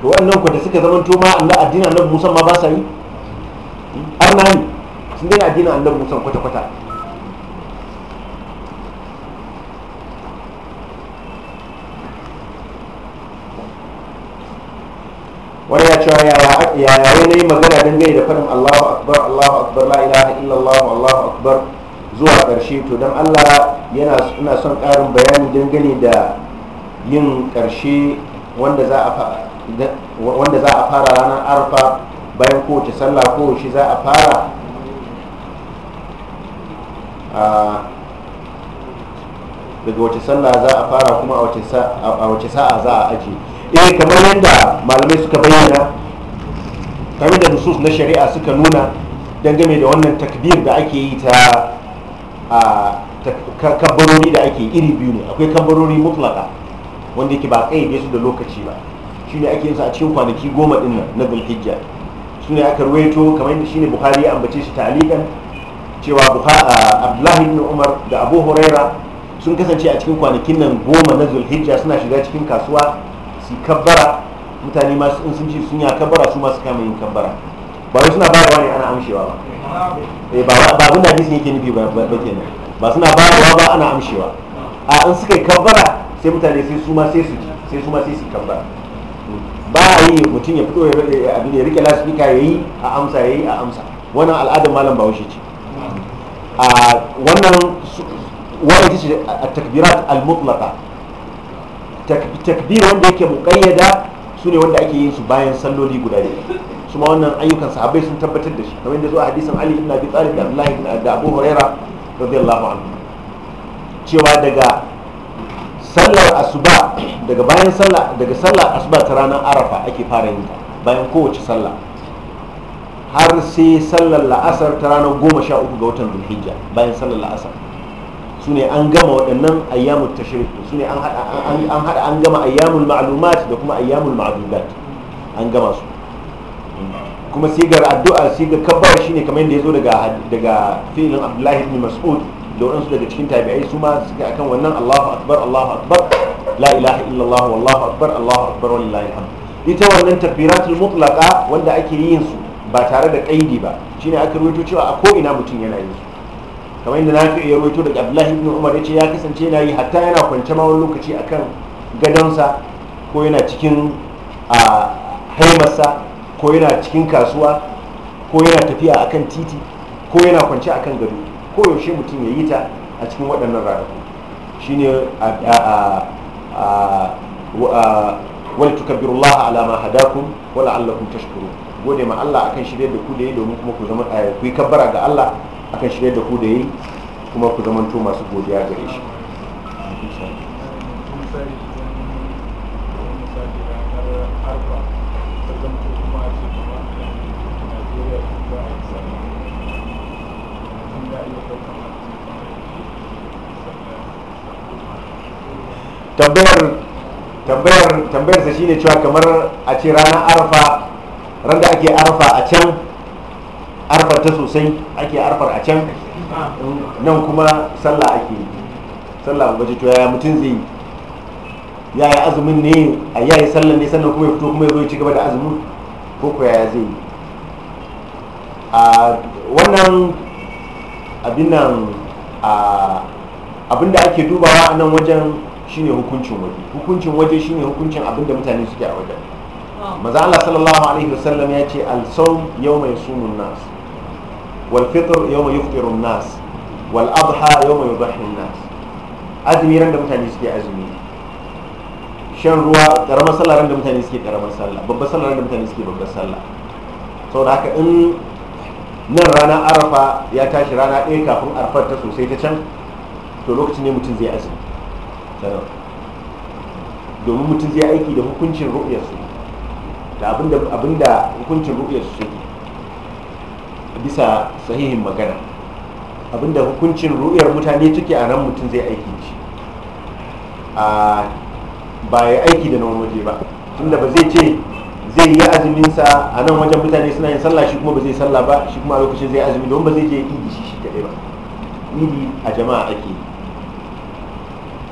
to waɗannan ku da suka zamanto ma Allah addinin allah Musa ma ba sa yi na ne sun dai addinin allah Musa kwata-kwata wani ya cewa yaya wani magana dangane da faɗin Allahu akbar Allahu akbar la ilaha illallah Allahu akbar zuwa ƙarshe to don allah yana ina son ƙarin bayani dangane da yin ƙarshe wanda za a fara ranar arfa bayan kowace sallah shi za a fara daga wace sallah za a fara kuma a wace sa'a za a eh kamar yadda malamai suka bayyana kamar da nusus na shari'a suka nuna dangane da wannan takbir da ake yi ta a kabbarori da ake iri biyu ne akwai kabbarori mutlaka wanda yake ba kayyade su da lokaci ba shi ne ake yinsa a cikin kwanaki goma din nan na zulhijja ne aka ruwaito kamar yadda ne bukari ya ambace shi ta'alikan cewa abdullahi ibn umar da abu huraira sun kasance a cikin kwanakin nan goma na zulhijja suna shiga cikin kasuwa su kabbara mutane masu in sun ce sun ya kabbara su masu kama yin kabbara ba wai suna bayarwa ne ana amshewa ba Eh, ba abin da hadisin yake nufi ba kenan ba suna bayarwa ba ana amshewa a in suka yi kabbara sai mutane sai su ma sai su ji sai su ma sai su kabbara ba a yi mutum ya fito ya abin ya rike lasfika ya yi a amsa ya yi a amsa wannan al'adar malam bahaushe ce a wannan wani ce a takbirat al-mutlaqa takbir wanda yake muƙayyada su ne wanda ake yin su bayan salloli guda biyu su ma wannan ayyukan sahabbai sun tabbatar da shi kamar yadda zuwa hadisin ali ibn abi talib da abdullahi da abu huraira radiyallahu anhu cewa daga sallar asuba daga bayan sallah daga sallar asuba ta ranar arafa ake fara yin ta bayan kowace sallah har sai sallar la'asar ta ranar goma sha uku ga watan zulhijja bayan sallar la'asar su ne an gama waɗannan ayyamun tashirik su ne an haɗa an gama ayyamun ma'lumat da kuma ayyamun ma'adudat an gama su kuma sigar addu'a sigar kabbar ne kamar yadda ya zo daga filin abdullahi ibn mas'ud da waɗansu daga cikin tabi'ai su ma suke akan wannan allahu akbar allahu akbar la ilaha illallah wallahu akbar allahu akbar wallahi alhamd ita wannan takbiratul mutlaqa wanda ake yin su ba tare da kaidi ba shine aka rubuto cewa a ko ina mutum yana yin su kamar yadda nafi ya rubuto daga abdullahi ibn umar ya ce ya kasance yana yi hatta yana kwance ma wani lokaci akan gadonsa ko yana cikin a haimarsa ko yana cikin kasuwa ko yana tafiya akan titi ko yana kwance akan gado ko yaushe mutum ya yi ta a cikin waɗannan ranaku shine wal tukabbirullah ala Alama Hadakun, wala Allahun tashkuru. gode ma Allah akan shirya da ku da yi domin kuma ku zama eh, yi kabbara ga Allah akan shirya da ku da yi kuma ku zama to masu godiya gare shi tambayar tambayar tambayar sa shine cewa kamar a ce ranar arfa ran da ake arfa a can arfar ta sosai ake arfar a can nan kuma sallah ake sallah ba to yaya mutum zai yi yaya azumin ne a yayi sallah ne sannan kuma ya fito kuma ya zo ya ci gaba da azumin ko ko yaya zai yi a wannan abinan abinda ake dubawa a nan wajen shine hukuncin waje hukuncin waje shine hukuncin abin da mutane suke a wajen ah. maza Allah sallallahu alaihi wasallam ya ce al-sawm yawma yasumun nas wal fitr yawma yufṭirun nas wal adha yawma yudhihun nas azumi ran da mutane suke azumi shan ruwa karamar sallah ran da mutane suke karamar sallah babbar sallah ran da mutane suke babbar sallah saboda haka in nan rana arafa ya tashi rana ɗaya kafin arafar ta sosai ta can to lokacin ne mutum zai azumi domin mutum zai aiki da hukuncin ru'uyarsu da abinda hukuncin su ke bisa sahihin magana abinda hukuncin ru'uyar mutane take a nan mutum zai aiki shi ba ya aiki da na waje ba tunda ba zai ce zai yi azuminsa a nan wajen mutane suna yin sallah shi kuma ba zai sallah ba shi kuma a lokacin zai azumi don ba zai je idi shi shi kaɗai ba idi a jama'a ake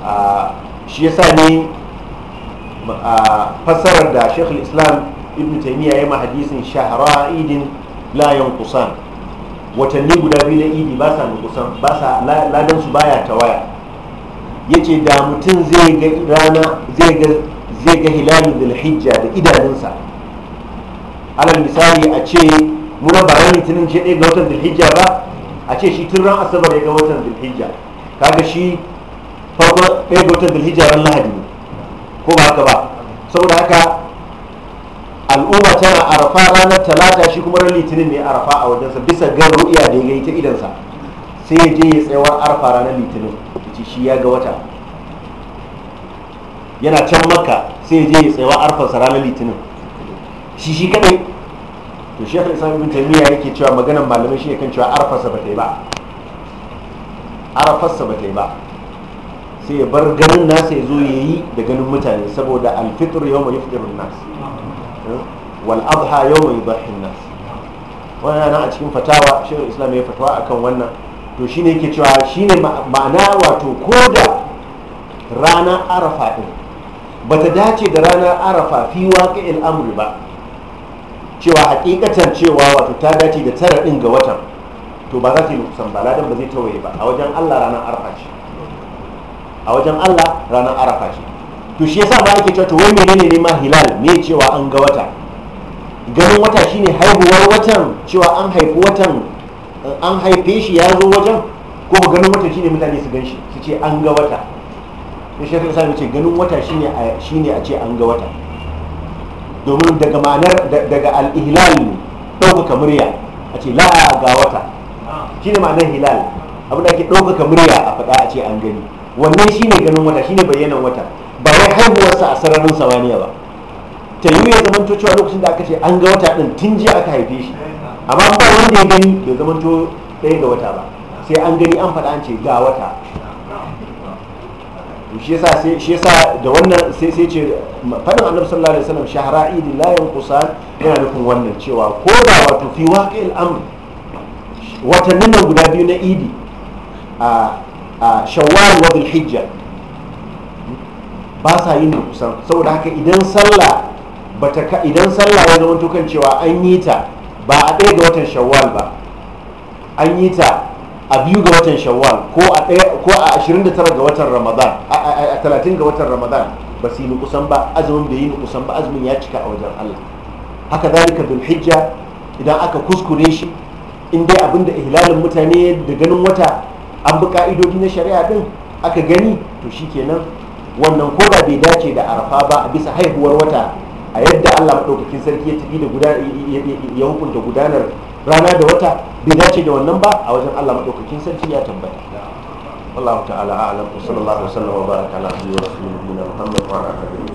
a shi yasa ne a fassarar da shekul islam ibn taimiyya ya yi hadisin shahara idin layan kusan watanni guda biyu na idi ba sa nukusan ba sa ladan su baya tawaya ya ce da mutum zai ga rana zai ga hilali da da idanunsa alal misali a ce muna ba ran litinin ce ɗaya ga watan zulhijja ba a ce shi tun ran asabar ya ga watan zulhijja kaga shi farko ɗaya ga watan zulhijja ran lahadi ne ko ba haka ba saboda haka al'umma tana arafa ranar talata shi kuma ran litinin ne arafa a wajensa bisa ga ru'iya da ya yi ta idansa sai ya je ya tsayawar arafa ranar litinin ce shi ya ga wata yana can makka sai ya je ya tsayawar arafa ranar litinin shi shi kadai to shekul islam ibn taymiya yake cewa maganan malamai shi kan cewa arfasa ba ta yi ba arafarsa ba ta yi ba sai ya bar ganin nasa ya zo ya yi da ganin mutane saboda alfitur yau mai fitirun nas eh? wal adha yau mai barhin nas wannan a cikin fatawa shirin islam ya fatawa akan wannan to shi ne yake cewa shi ne ma'ana wato ko da rana arafa din ta dace da ranar arafa fi waƙi al'amri ba cewa hakikatan cewa wato ta dace da tara din ga watan to ba za ta yi kusan ba ladan ba zai tawaye ba a wajen Allah ranar arafa ce a wajen Allah ranar arafa ce to shi yasa ba ake cewa to wai menene ne ma hilal me cewa an ga wata ganin wata shine haihuwar watan cewa an haifi watan an haife shi ya zo wajen ko ganin wata shine mutane su ganshi su ce an ga wata ya shi ya ce ganin wata shine shine a ce an ga wata domin daga manar daga ne ɗaukaka murya a ce la'a ga wata shi ne ma'anar hilal abu da ake ɗaukaka murya a faɗa a ce an gani wannan shi ne ganin wata shi ne bayyanan wata ba ya haihuwarsa a sararin samaniya ba ta yi ya zamanto cewa lokacin da aka ce an ga wata ɗin tun jiya aka haife shi amma ba wanda ya gani bai zamanto ɗaya ga wata ba sai an gani an faɗa an ce ga wata shi yasa sai shi yasa da wannan sai sai ce fadin annabi sallallahu alaihi wasallam shahra idi la yanqusan yana nufin wannan cewa ko da wato fi waqi'il amr watannin nan guda biyu na idi a a shawwal wa hijja ba sa yin kusan saboda haka idan sallah bata ka idan sallah ya zama kan cewa an yi ta ba a ɗaya ga watan shawwal ba an yi ta a biyu ga watan shawwal ko a ko a 29 ga watan ramadan a 30 ga watan ramadan ba su yi kusan ba azumin bai yi kusan ba azumin ya cika a wajen Allah haka zalika bil hijja idan aka kuskure shi in dai da ihlalin mutane da ganin wata an bi ka'idodi na shari'a din aka gani to shi shikenan wannan ko da bai dace da arafa ba a bisa haihuwar wata a yadda Allah madaukakin sarki ya tafi da ya hukunta gudanar rana da wata bai dace da wannan ba a wajen Allah madaukakin sarki ya tabbata Allah ta'ala a'lam wa sallallahu alaihi wa sallam wa baraka ala sayyidina Muhammad wa ala alihi